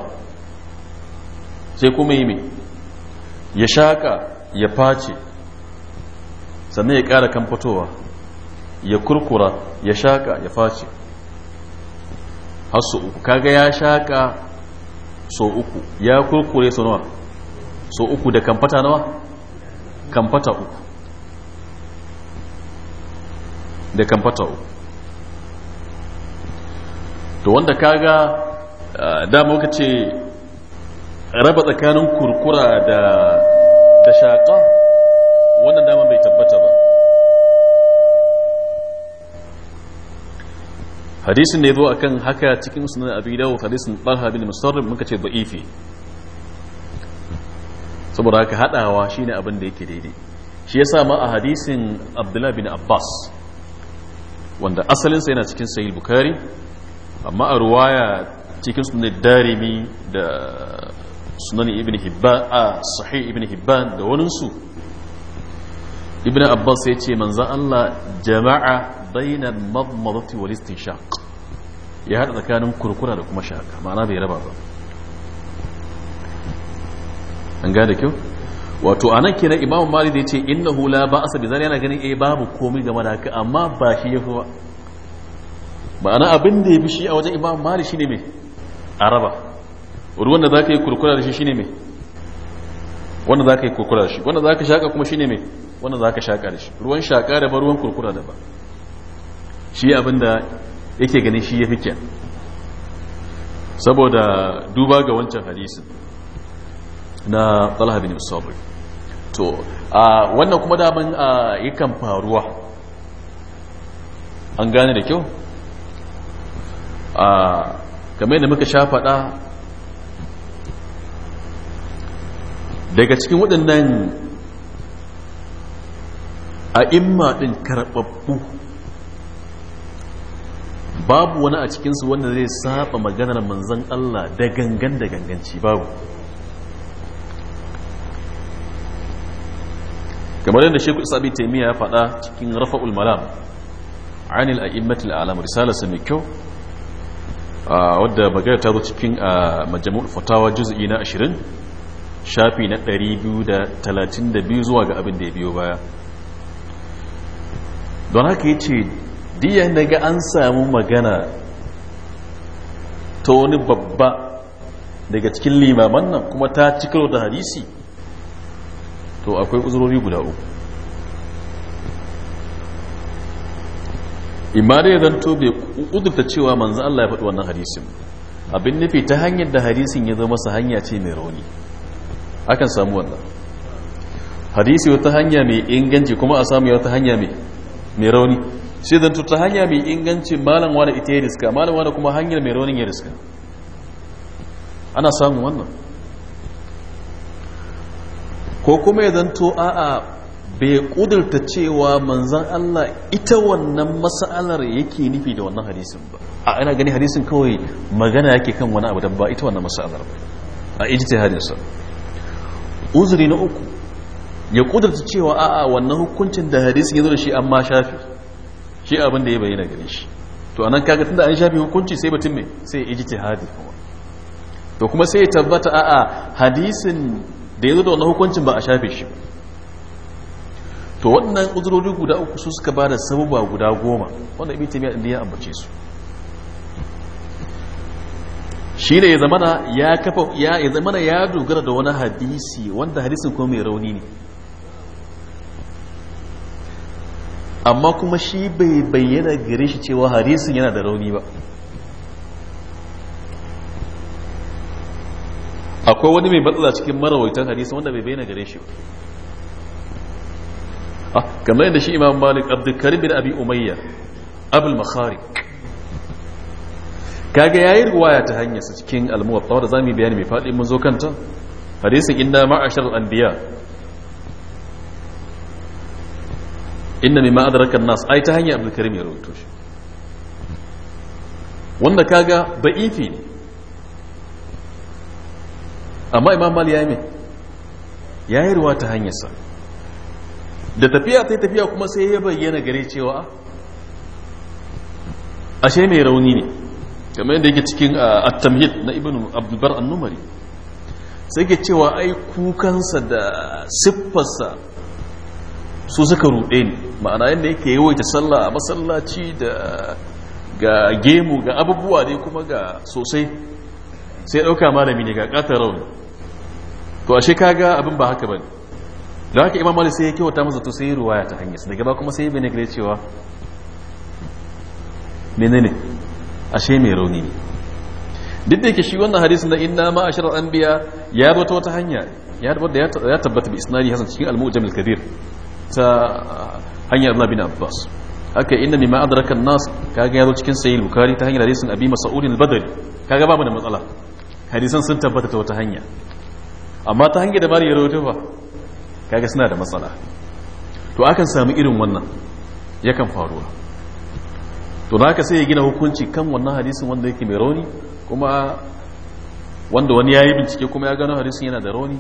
sai kuma yi mai ya shaka ya face sannan ya ƙara kamfatowa ya kurkura ya shaka ya face har so uku kaga ya shaƙa so uku ya kurkure so nawa so uku da kamfata nawa kamfata uku da kamfata uku to wanda kaga ah, dama muka ce raba tsakanin kurkura da da shaƙa wannan dama bai tabbata ba hadisin da ya zo akan haka cikin sunan abi dawo hadisin talha bin musarrib muka ce da'ifi saboda haka hadawa shine abin da yake daidai shi yasa ma a hadisin abdullah bin abbas wanda asalinsa yana cikin sahih bukhari amma a ruwaya cikin sunan darimi da sunan ibn hibban a Sahi ibn hibban da waninsu ibn abbas ya ce manzan allah jama'a bainal madmadati wal istinshaq ya hada tsakanin kurkura da kuma shaka ma'ana bai raba ba an da kyau wato anan kenan imam malik da yace innahu la ba'sa bi yana ganin eh babu komai game da haka amma ba shi yafi ba ma'ana abin da yafi shi a wajen imam malik shine me araba ruwan da zaka yi kurkura da shi shine me wanda zaka yi kurkura da shi wanda zaka shaka kuma shine me wanda zaka shaka da shi ruwan shaka da ba ruwan kurkura da ba shi abinda yake ganin shi ya fi saboda duba ga wancan hadisin na talha bin sabri to wannan kuma daman yakan faruwa an gane da kyau kamar da muka sha faɗa daga cikin waɗannan a imma ɗin karɓaɓɓu babu wani a cikinsu wanda zai saba maganar manzan Allah da gangan da ganganci babu kamar yadda shekul isabi taimiyya ya faɗa cikin rafa'ul malam anil a'immatul alam risalarsa mai kyau wadda magana ta zo cikin majamul fatawa juz'i na ashirin, shafi na 232 zuwa ga abin da ya biyo baya don haka yace diyan daga an samu magana ta wani babba daga cikin limaman nan kuma ta cikaro da hadisi to akwai uzurori guda uku imani ya zanto bai kudurta cewa manzan Allah ya faɗi wannan hadisin abin nufi ta hanyar da hadisin ya zama sa hanya ce mai rauni akan samu wannan hadisi wata hanya mai inganci kuma a samu wata hanya mai rauni sai zan ta hanya mai inganci malam wani ita ya riska malam wani kuma hanyar mai raunin ya riska ana samun wannan ko kuma ya zanto a'a bai kudurta cewa manzan Allah ita wannan mas'alar yake nufi da wannan hadisin ba a ina gani hadisin kawai magana yake kan wani abu da ba ita wannan mas'alar ba a hadisa uzuri na uku ya kudurta cewa a'a wannan hukuncin da hadisin ya zo da shi an shafi shi abin da ya bayyana gare shi to anan kaga tunda an shafi hukunci sai batun mai, sai ya ijtihadi kuma to kuma sai ya tabbata a'a hadisin da yazo da wannan hukuncin ba a shafe shi to wannan uzurori guda uku su suka bada sabuwa guda goma wanda ibn taymiya din ya ambace su shine ya zamana ya kafa ya zamana ya dogara da wani hadisi wanda hadisin kuma mai rauni ne amma kuma shi bai bayyana gare shi cewa hadisin yana da rauni ba akwai wani mai matsala cikin marawaitan hadisi wanda bai bayyana gare shi ba ah, kamar yadda shi imam malik abdulkarim bin abi umayya abul makhari kaga yayi ruwaya ta hanyar cikin al da zamu bayani mai fadi mun zo kanta hadisin inna ma'ashar al-anbiya inna mimma adraka nas ai ta hanyar abdul karim ya rubuto shi wanda kaga baifi ne amma imam mali ya yi mai ya yi ruwa ta hanyarsa da tafiya ta tafiya kuma sai ya bayyana gare cewa ah, ashe mai rauni ne kamar yadda yake cikin ah, at-tamhid na ibn abdulbar an-numari sai ke cewa ai kukansa da siffarsa su suka ruɗe ni ma'ana yadda yake yawaita sallah a masallaci da ga gemu ga abubuwa ne kuma ga sosai sai ɗauka malami ne ga ƙatar rauni to ashe ga abin ba haka bane da haka imam malik sai ya kyauta masa to sai ruwaya ta hanyar daga ba kuma sai bane gare cewa a ashe mai rauni ne duk da yake shi wannan hadisin na inna ma an biya ya bata wata hanya ya tabbata bi isnari hasan cikin al-mu'jam al-kabir ta hanyar Allah bin Abbas aka inna mimma adraka an-nas kaga yaro cikin sahih bukhari ta hanyar hadisin abi mas'ud al-badri kaga babu da matsala hadisan sun tabbata ta wata hanya amma ta hanyar da bari ya rawaito fa kaga suna da matsala to akan samu irin wannan yakan faruwa to da sai ya gina hukunci kan wannan hadisin wanda yake mai rauni kuma wanda wani ya yi bincike kuma ya gano hadisin yana da rauni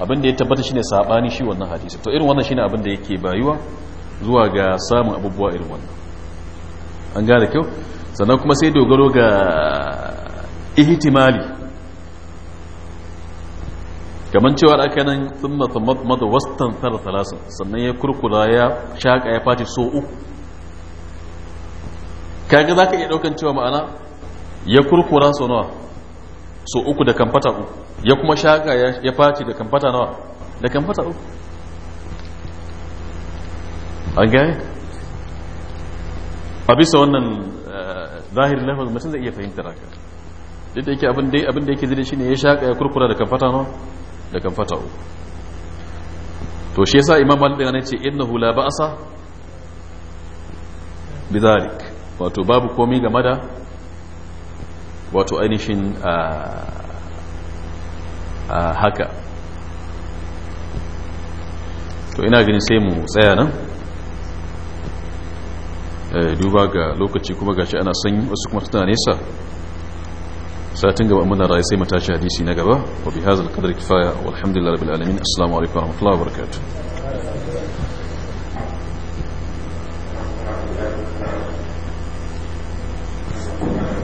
abin da ya tabbata shine sabani shi wannan hadisi to irin wannan shine abin da yake bayuwa zuwa ga samun abubuwa irin wannan an gane kyau sannan kuma sai dogaro ga ihtimali kamar cewa aka nan thumma mada wastan tara talasin sannan ya kurkula ya shaƙa ya fati so uku kaga za ka iya ɗaukan cewa ma'ana ya kurkura so nawa so uku da kamfata uku ya kuma shaka ya faci da kamfata nawa da kamfata uku an gane a bisa wannan eh, zahirin lafazin mutum zai iya fahimtar haka duk da yake abin da yake zai shi ne ya shaka ya kurkura da kamfata nawa da kamfata uku to shi yasa imam malibu ya ce innahu la ba'sa bidhalik wato babu komi game da wato ainihin haka to ina gani sai mu tsaya nan duba ga lokaci kuma gashi ana sanyi wasu kuma suna nesa satin gaba muna rayu sai matashi hadisi na gaba wa bi hazal qadar kifaya walhamdulillah rabbil alamin assalamu alaikum warahmatullahi wabarakatuh Thank you.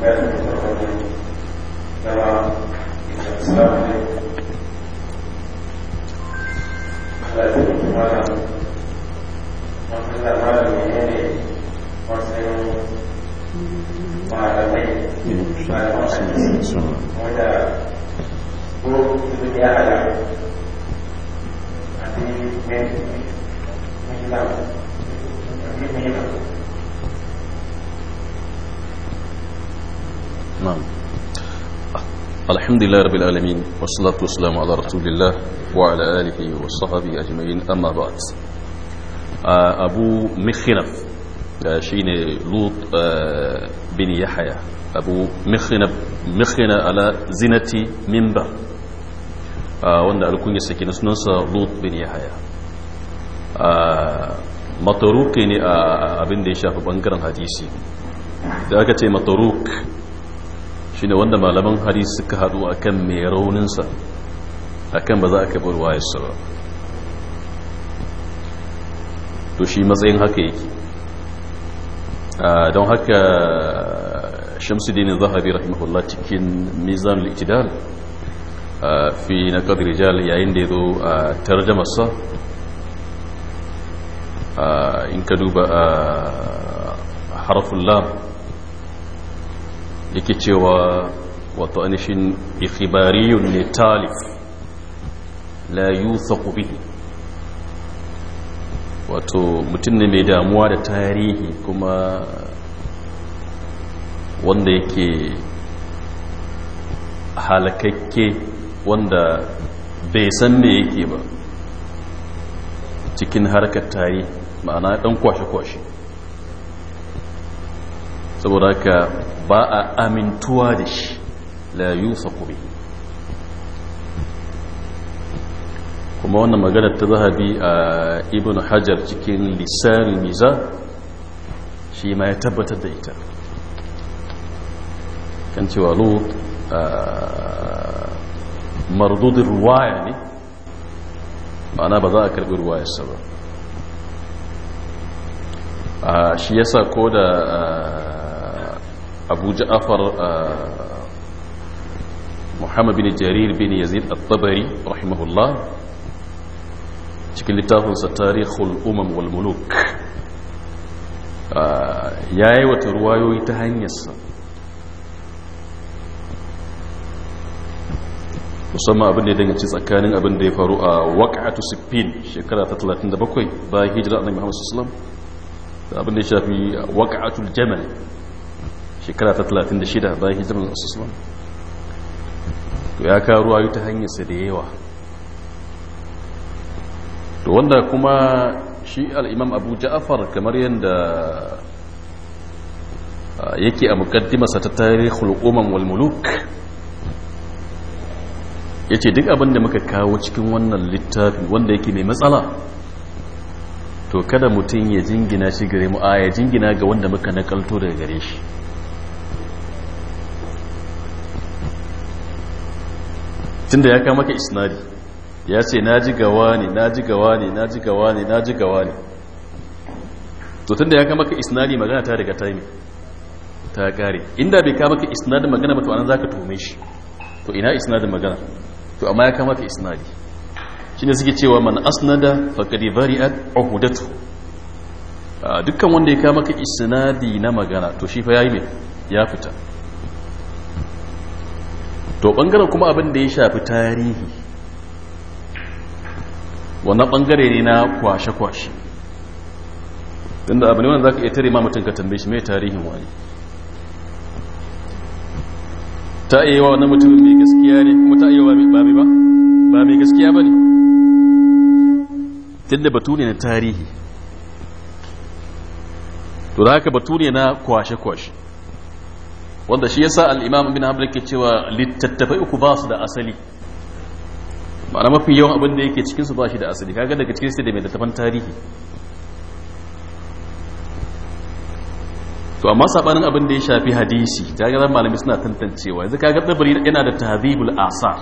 bayanin da ta wani na islam ne halatta da kuma na wanda ma da menene matsayin malamai malaman hadisi wanda ko ilimi ya hada a cikin muhimmanci نعم الحمد لله رب العالمين والصلاة والسلام على رسول الله وعلى آله وصحبه أجمعين أما بعد آه، أبو مخنف آه، شين لوط آه، بن يحيى أبو مخنف مخنة على زنة منبر وأن الكون يسكن سنسى لوط بن يحيى mataruke أبن a abin da ya shafi da aka ce mataruk shine wanda malaman hadis suka haɗu akan mai rauninsa akan ba za a kaɓar wayarsa ba to shi matsayin haka yake don haka shamsuddin zahabi rahimahullah cikin mizan liktidal fi na yayin da ya zo a tarjamasa in ka duba harfin lam yake cewa wato anishin ikhibariyun ne talif la yusaku bihi wato mutum ne mai damuwa da tarihi kuma wanda yake halakakke wanda bai san me yake ba cikin harkar tarihi ma'ana dan kwashe-kwashe saboda ka ba a amintuwa da shi la yusa kube kuma wannan magana ta zahabi a ibn hajar cikin lissanin niza shi ma ya tabbatar da ita kan cewa lo mardudin ruwaya ne ma'ana ba za a karbi ruwayarsa ba shi yasa ko da abu ja'afar muhammad bin jarir bin yazid al-tabari rahimahullah cikin littafinsa tarihul umam wal muluk ya yi wata ruwayoyi ta hanyarsa musamman abin da ya danganci tsakanin abin da ya faru a waƙa'atu sifin shekara ta 37 bayan hijira annabi muhammad sallallahu alaihi wasallam abin da ya shafi waƙa'atul jamal shekara ta 36 bayan hijirar asusuwan to ya a yi ta hanyarsa da yawa to wanda kuma shi al'imam abu ja'afar kamar yadda yake a mukaddimarsa ta tarihul umam wal ya ce duk abin da muka kawo cikin wannan littafi wanda yake mai matsala to kada mutum ya jingina shi gare mu a ya jingina ga wanda muka nakalto daga gare shi tunda ya kama ka isnadi ya ce na ji gawa ne na ji gawa ne na ji gawa ne na ji gawa ne to tunda ya kama ka isnadi magana ta daga taimi ta kare inda bai kama ka isnadin magana ba to anan ka tuhume shi to ina isnadin magana to amma ya kama ka isnadi ne suke cewa man asnada faqad bari'at uhudatu ah, dukkan wanda ya kama ka isnadi na magana to shi fa yi me ya fita to bangaren kuma abin da ya shafi tarihi wanda bangare ne na kwashe-kwashe tunda abu ne wanda za ka iya tare ma mutum ka tambaye shi mai tarihin wani ta iya yi wa wani mutumin mai gaskiya ne kuma ta iya wa ba mai ba ba mai gaskiya ba ne tunda batu ne na tarihi to da haka batu ne na kwashe-kwashe wanda shi yasa al'imam bin hamdan ke cewa littattafai uku ba su da asali ba na mafi yawan abin da yake cikinsu ba shi da asali kaga daga cikin su da mai littattafan tarihi to amma sabanin abin da ya shafi hadisi kaga zan malami suna tantancewa yanzu kaga dabari yana da tahdhibul asar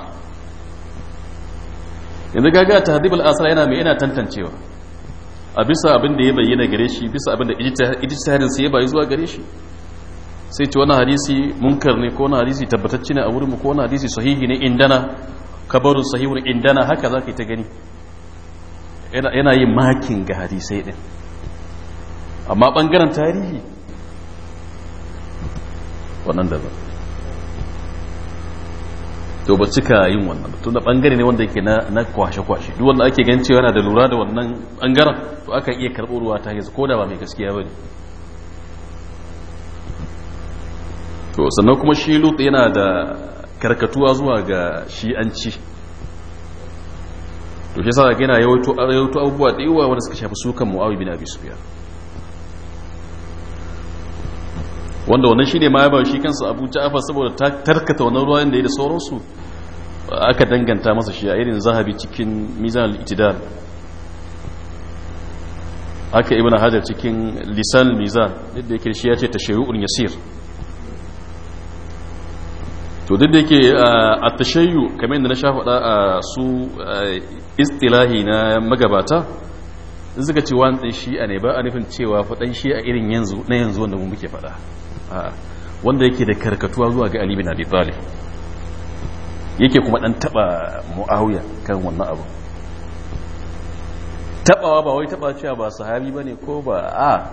yanzu gaga ta hadibul asar yana mai yana tantancewa a bisa abin da ya bayyana gare shi bisa abin da ijtihadin sai ya bayi zuwa gare shi sai ce wani hadisi munkar ne ko wani hadisi tabbatacce ne a wurin mu ko wani hadisi sahihi ne indana kabarun sahihun indana haka zaka ta gani yana yin makin ga hadisai din amma bangaren tarihi wannan da ba to ba cika yin wannan to tunda bangare ne wanda yake na na kwashe kwashe duk wanda ake ganin cewa yana da lura da wannan bangaren to aka iya karbo ruwa ta yanzu ko da ba mai gaskiya bane to sannan kuma shi lutu yana da karkatuwa zuwa ga shi'anci to shi yasa yana yawaito abubuwa da yawa wanda suka shafi sukan muawi bin abi sufyan wanda wannan shine ma ya ba shi kansa Abu afa saboda ta tarkata wannan ruwan da ya da sauransu aka danganta masa shi a irin zahabi cikin mizan al-itidal haka ibn hajar cikin lisan mizan yadda yake shi ya ce tashayyu'un yasir to duk da yake a tashayyu kamar yadda na sha faɗa a su istilahi na magabata suka ce wani shi'a ne ba a nufin cewa faɗan shi'a irin yanzu na yanzu wanda mu muke faɗa wanda yake da karkatuwa zuwa ga Ali bin Abi Talib yake kuma dan taba Muawiya kan wannan abu tabawa ba wai taba cewa ba sahabi bane ko ba a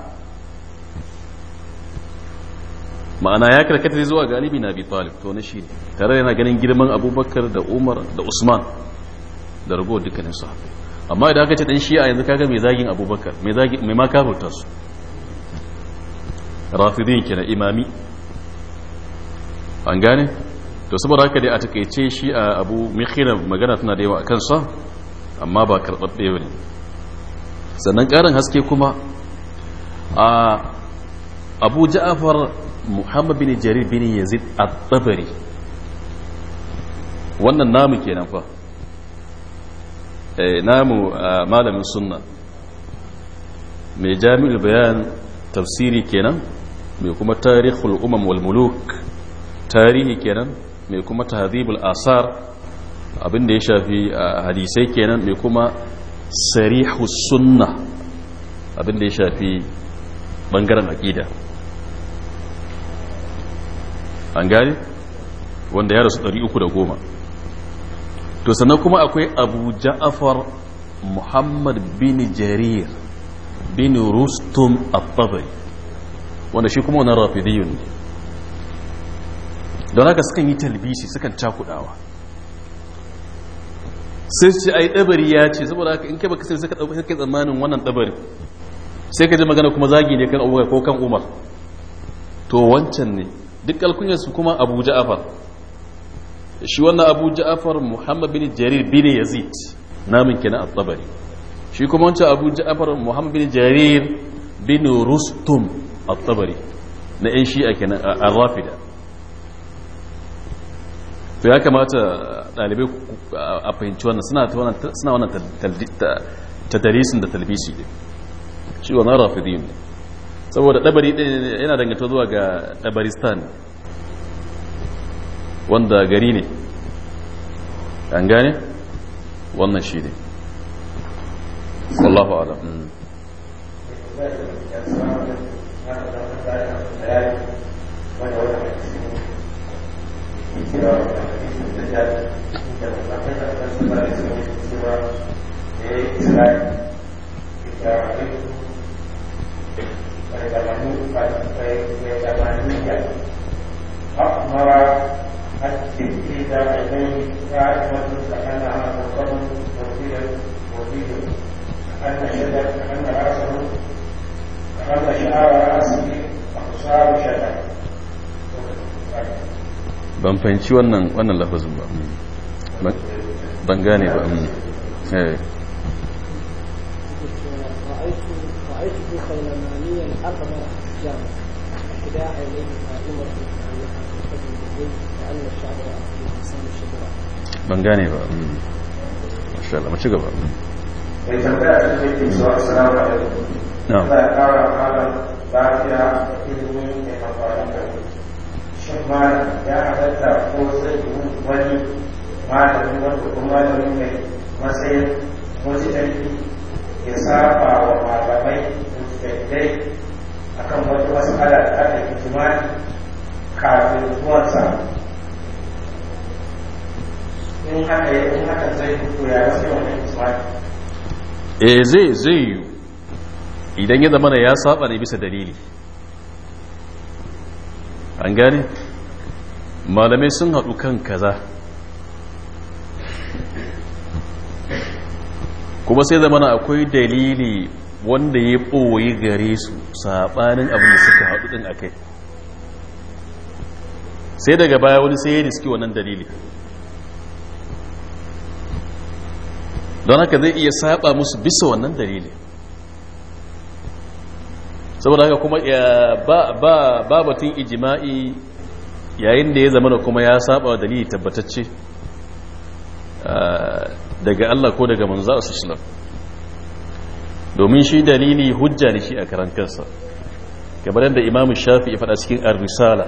ma'ana ya karkata zuwa ga Ali bin Abi Talib to na ne tare yana ganin girman Abubakar da Umar da Usman da rago dukkanin sahabbai amma idan aka ce dan shi'a yanzu kaga mai zagin Abubakar mai zagin mai ma kafirta su rafidin na imami an gane to saboda haka dai a takaice shi a abu mikhira magana tana da yawa a kansa amma ba karɓaɓɓe ne sannan ƙarin haske kuma a abu ja'afar muhammad bin jarir bin yazid at-tabari wannan namu kenan fa Eh namu malamin sunna mai jami'ul bayan tafsiri kenan mai kuma tarihul umam wal muluk tarihi kenan mai kuma tahdhibul asar abin da ya shafi hadisai kenan mai kuma sarihus sunna abin da ya shafi bangaren aqida an gani wanda ya rasu 310 to sannan kuma akwai abu ja'afar muhammad bin jarir bin rustum at-tabari wanda shi kuma wannan rafidiyun ne don haka sukan yi talbisi sukan cakudawa sai ce ai ɗabari ya ce saboda haka in kai baka sai suka dauka kai tsammanin wannan ɗabari. sai ka ji magana kuma zagi ne kan Abubakar ko kan Umar to wancan ne duk kalkunyar su kuma Abu Ja'far shi wannan Abu Ja'far Muhammad bin Jarir bin Yazid namin kenan a tabari shi kuma wancan Abu Ja'far Muhammad bin Jarir bin Rustum at-tabari na yan shi'a kenan a rafida to ya kamata ɗalibai a fahimci wannan suna wannan tadarisin da talbisi ne shi wannan rafidin ne saboda ɗabari yana dangata zuwa ga ɗabaristan wanda gari ne an gane wannan shi ne wallahu alam أن يدرك أن رأسه ban fahimci wannan wannan lafazin ba ban gane ba ban gane ba insha hmm. eh. hmm. Allah gaba hmm. mai tambaya ta ce ke cewa assalamu alaikum za a kara malam lafiya ilimin mai amfani da shin ma ya halatta ko zai sai wani malami wanda kuma malami mai matsayin mujtahidi ya saba wa malamai mujtahidai akan wata mas'ala da aka yi ijimai kafin zuwansa in haka in haka zai fito ya wasu yawan ijimai eh zai zai yi idan ya zama ya saba ne bisa dalili an gani malamai sun haɗu kan kaza kuma sai zamana akwai dalili wanda ya ɓoye gare su saɓanin abin da suka haɗu ɗin a kai sai daga baya wani sai ya riski wannan dalili don haka zai iya saba musu bisa wannan dalili saboda haka kuma ba batun ijima'i yayin da ya zama da kuma ya saba dalili tabbatacce ah, daga Allah ko daga manzo a domin shi dalili hujja ne shi a karan kansa kamar yadda imamu shafi ya faɗa cikin arisala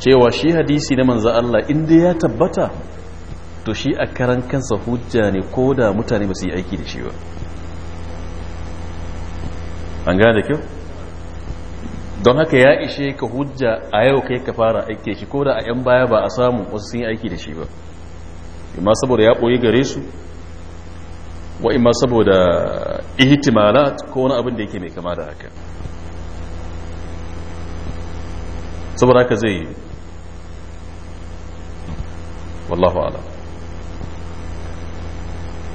cewa shi hadisi na manzo Allah inda ya tabbata to shi a karan kansa hujja ne ko da mutane ba su yi aiki da shi ba an gane da kyau don haka ya ishe ka hujja a yau kai ka fara aiki shi ko da a 'yan baya ba a samu wasu sun yi aiki da shi ba imma saboda ya ɓoyi gare su wa imma saboda ihtimalat ko wani abin da yake mai kama da haka saboda haka zai yi wallahu ala.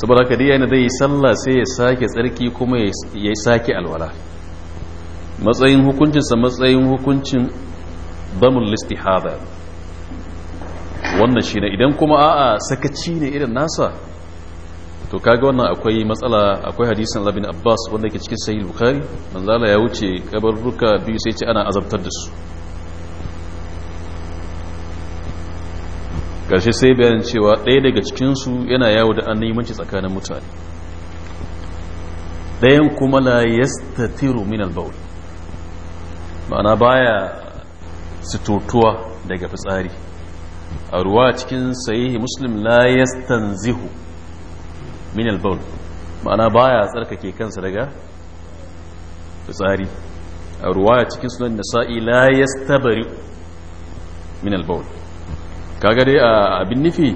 saboda ka dai yana zai yi sallah sai ya sake tsarki kuma ya sake alwala matsayin hukuncinsa matsayin hukuncin damul istihada wannan shine idan kuma a'a sakaci ne irin nasa to kaga wannan akwai matsala akwai hadisin labin Abbas wanda ke cikin sahih Bukhari manzala ya wuce kabarruka biyu sai ce ana azabtar da su Karshe sai bayan cewa ɗaya daga cikinsu yana yawo da an ci tsakanin mutane ɗayan kuma la yastatiru min albaul ma'ana baya situtuwa daga fitsari a ruwa cikin sahihi muslim la yastanzihu min albaul ma'ana baya tsarkake kansa daga fitsari a ruwa cikin sunan nasa'i la yastabari min albaul kaga dai abin nufi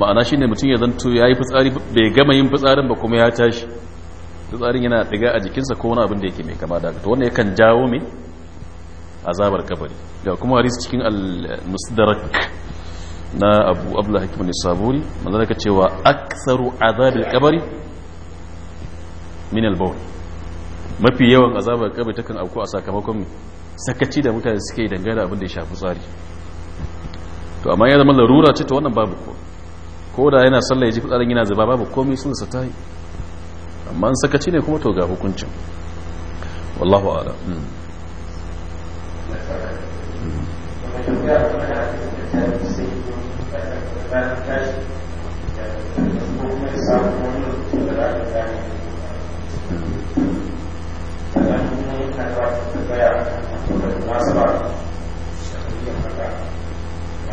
ma'ana shi ne mutum ya zanto ya yi fitsari bai gama yin fitsarin ba kuma ya tashi fitsarin yana ɗiga a jikinsa ko wani abin da yake mai kama da haka to wannan yakan jawo mai azabar kabari ga kuma hadisi cikin al-musdarak na abu abla hakim ne saburi manzana ka cewa aksaru azabil kabari min al-bawl mafi yawan azabar kabari takan auku a sakamakon sakaci da mutane suke dangane da abin da ya shafi tsari to amma ya zama larura ce ta wannan babu ko ko da yana sallah ya ji fitsarin yana zaba babu komai sun sa tayi amma an saka ne kuma to ga hukuncin wallahu a'lam Thank hmm. you. Hmm.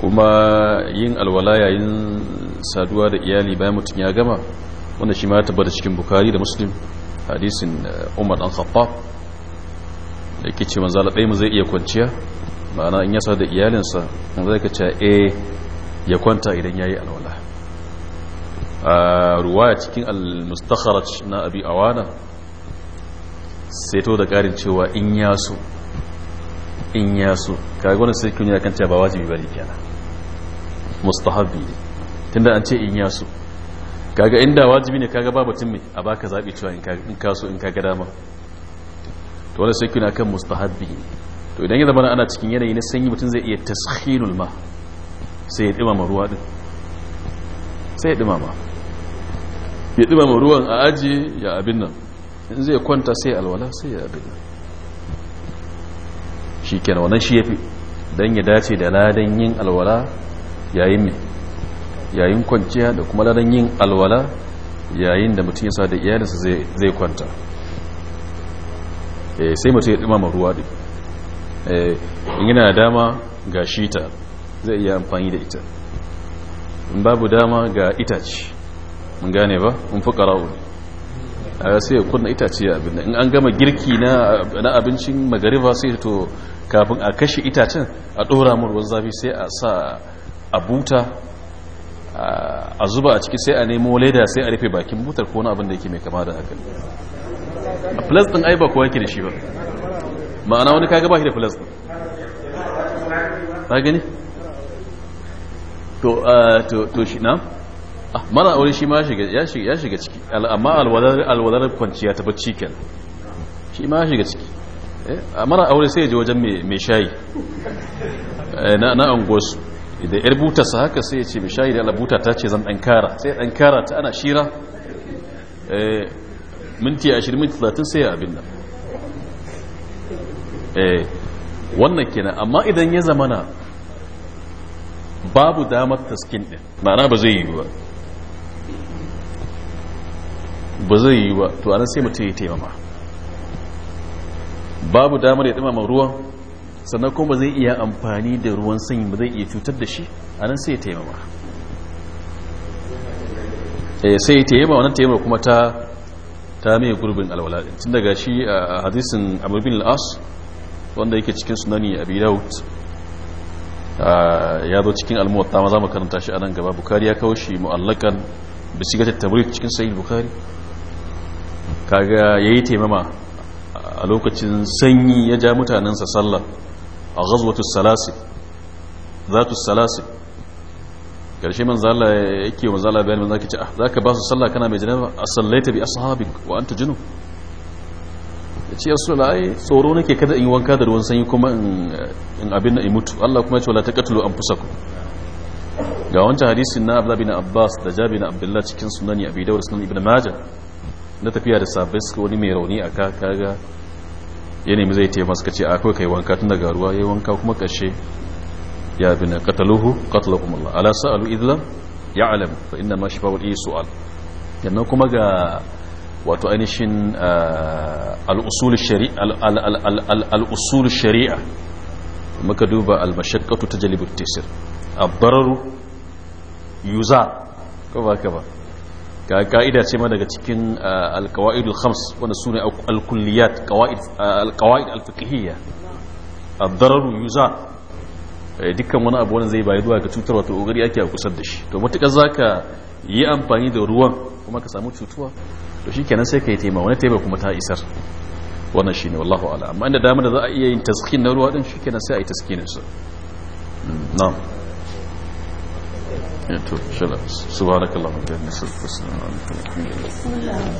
kuma yin alwala yayin saduwa da iyali bayan mutum ya gama wanda shi ma ya tabbata cikin bukari da muslim hadisin uh, umar dan khattab da yake ce manzo Allah mu zai iya kwanciya ma'ana in ya sadu da iyalinsa in zai kace eh ya kwanta idan yayi alwala a ruwaya cikin al-mustakhraj na abi awana sai to da karin cewa in yaso in yaso kaga wannan sai kun ba wajibi bane kenan mustahabi tunda an ce in yasu kaga inda wajibi ne kaga ba batun mai a baka zaɓi cewa in so in ka ga dama to wani sai kuna kan mustahabi to idan ya zama ana cikin yanayi na sanyi mutum zai iya tashinul ma sai ya ɗimama ruwa ɗin sai ya ma ya ɗimama ruwan a ajiye ya abin nan in zai kwanta sai alwala sai ya abin nan shi kenan wannan shi ya fi don ya dace da ladan yin alwala yayin mai yayin kwanciya da kuma ladan yin alwala yayin da mutum yasa da iyalinsa zai kwanta eh, sai mutum ya dumama ruwa da eh, in yana dama ga shita zai iya amfani da ita in babu dama ga itace mun gane ba in fi karawo a sai ya kunna itaci ya abin in an gama girki na abincin magariba sai to kafin a kashe itacen a ɗora mun ruwan zafi sai a sa a buta a zuba a ciki sai a nemo leda sai a rufe bakin butar ko wani abin da yake mai kama da haka a plus din ai ba kowa yake da shi ba ma'ana wani kaga ba shi da plus din ta gani to to shi na mana aure shi ma ya shiga ciki amma alwadar kwanciya ta bacci kenan shi ma ya shiga ciki eh, mara aure sai ya ji wajen mai shayi eh, na angosu idan yar butarsa haka sai ya ce mishayi da buta ta ce zan ɗankara sai ɗankara ta ana shira eh, minti ashirin minti talatin sai ya abin nan eh, wannan kenan amma idan ya zamana babu damar taskin ɗin ma'ana ba zai yi ba ba zai yi ba to anan sai mutum ya taimama babu damar ya ɗimama ruwan sannan kuma zai iya amfani da ruwan sanyi ba zai iya cutar da shi a nan sai ya taimama eh, sai ya taimama wannan taimama kuma ta ta mai gurbin alwala tun daga shi a hadisin abubuwan al'as wanda yake cikin sunani a ya zo cikin almuwatta ma za mu karanta shi a nan gaba bukari ya kawo shi mu'allakan da shiga cikin Said bukari kaga ya yi taimama a lokacin sanyi ya ja mutanensa sallah a ghazwatu salasi zatu salasi karshe man zala yake wa zala bayan zaka ce ah zaka ba su sallah kana mai janaba asallaita bi ashabik wa anta junub yace ya sula ai tsoro nake kada in wanka da ruwan sanyi kuma in abin na imutu Allah kuma ya ce wala taqtulu anfusakum ga wancan hadisin na Abdullah bin Abbas da Jabir bin Abdullah cikin sunani Abi Dawud sunan Ibn Majah na tafiya da sabbis wani mai rauni aka kaga ya nemi zai taimu suka ce akwai kai wanka tun daga ruwa ya wanka kuma kashe ya bi na kataluhu katalakum Allah ala sa'alu idlam ya alam fa inna ma shi bawul su'al yannan kuma ga wato ainihin al'usul shari'a shari'a muka duba al-mashaqqatu tajlibu at-tisr ad yuza ko ba ka ba ga ka'ida ce ma daga cikin ah, alkawa'idul khams wanda su ne alkulliyat ah, alkawa'id alfikihiyya addararu yuza eh, dukkan wani abu wanda zai bayi zuwa ga cutar wato ogari ake a kusar da shi to matuƙar zaka yi amfani da ruwan kuma ka samu cutuwa to shikenan sai ka yi taima wani taima kuma ta isar wannan shi ne wallahu ala amma inda damar da za a iya yin taskin na ruwa din shikenan sai a yi taskinin su hmm, na'am to shala'a subhanakallahumma wa bihamdika astaghfiruka wa atubu ilaik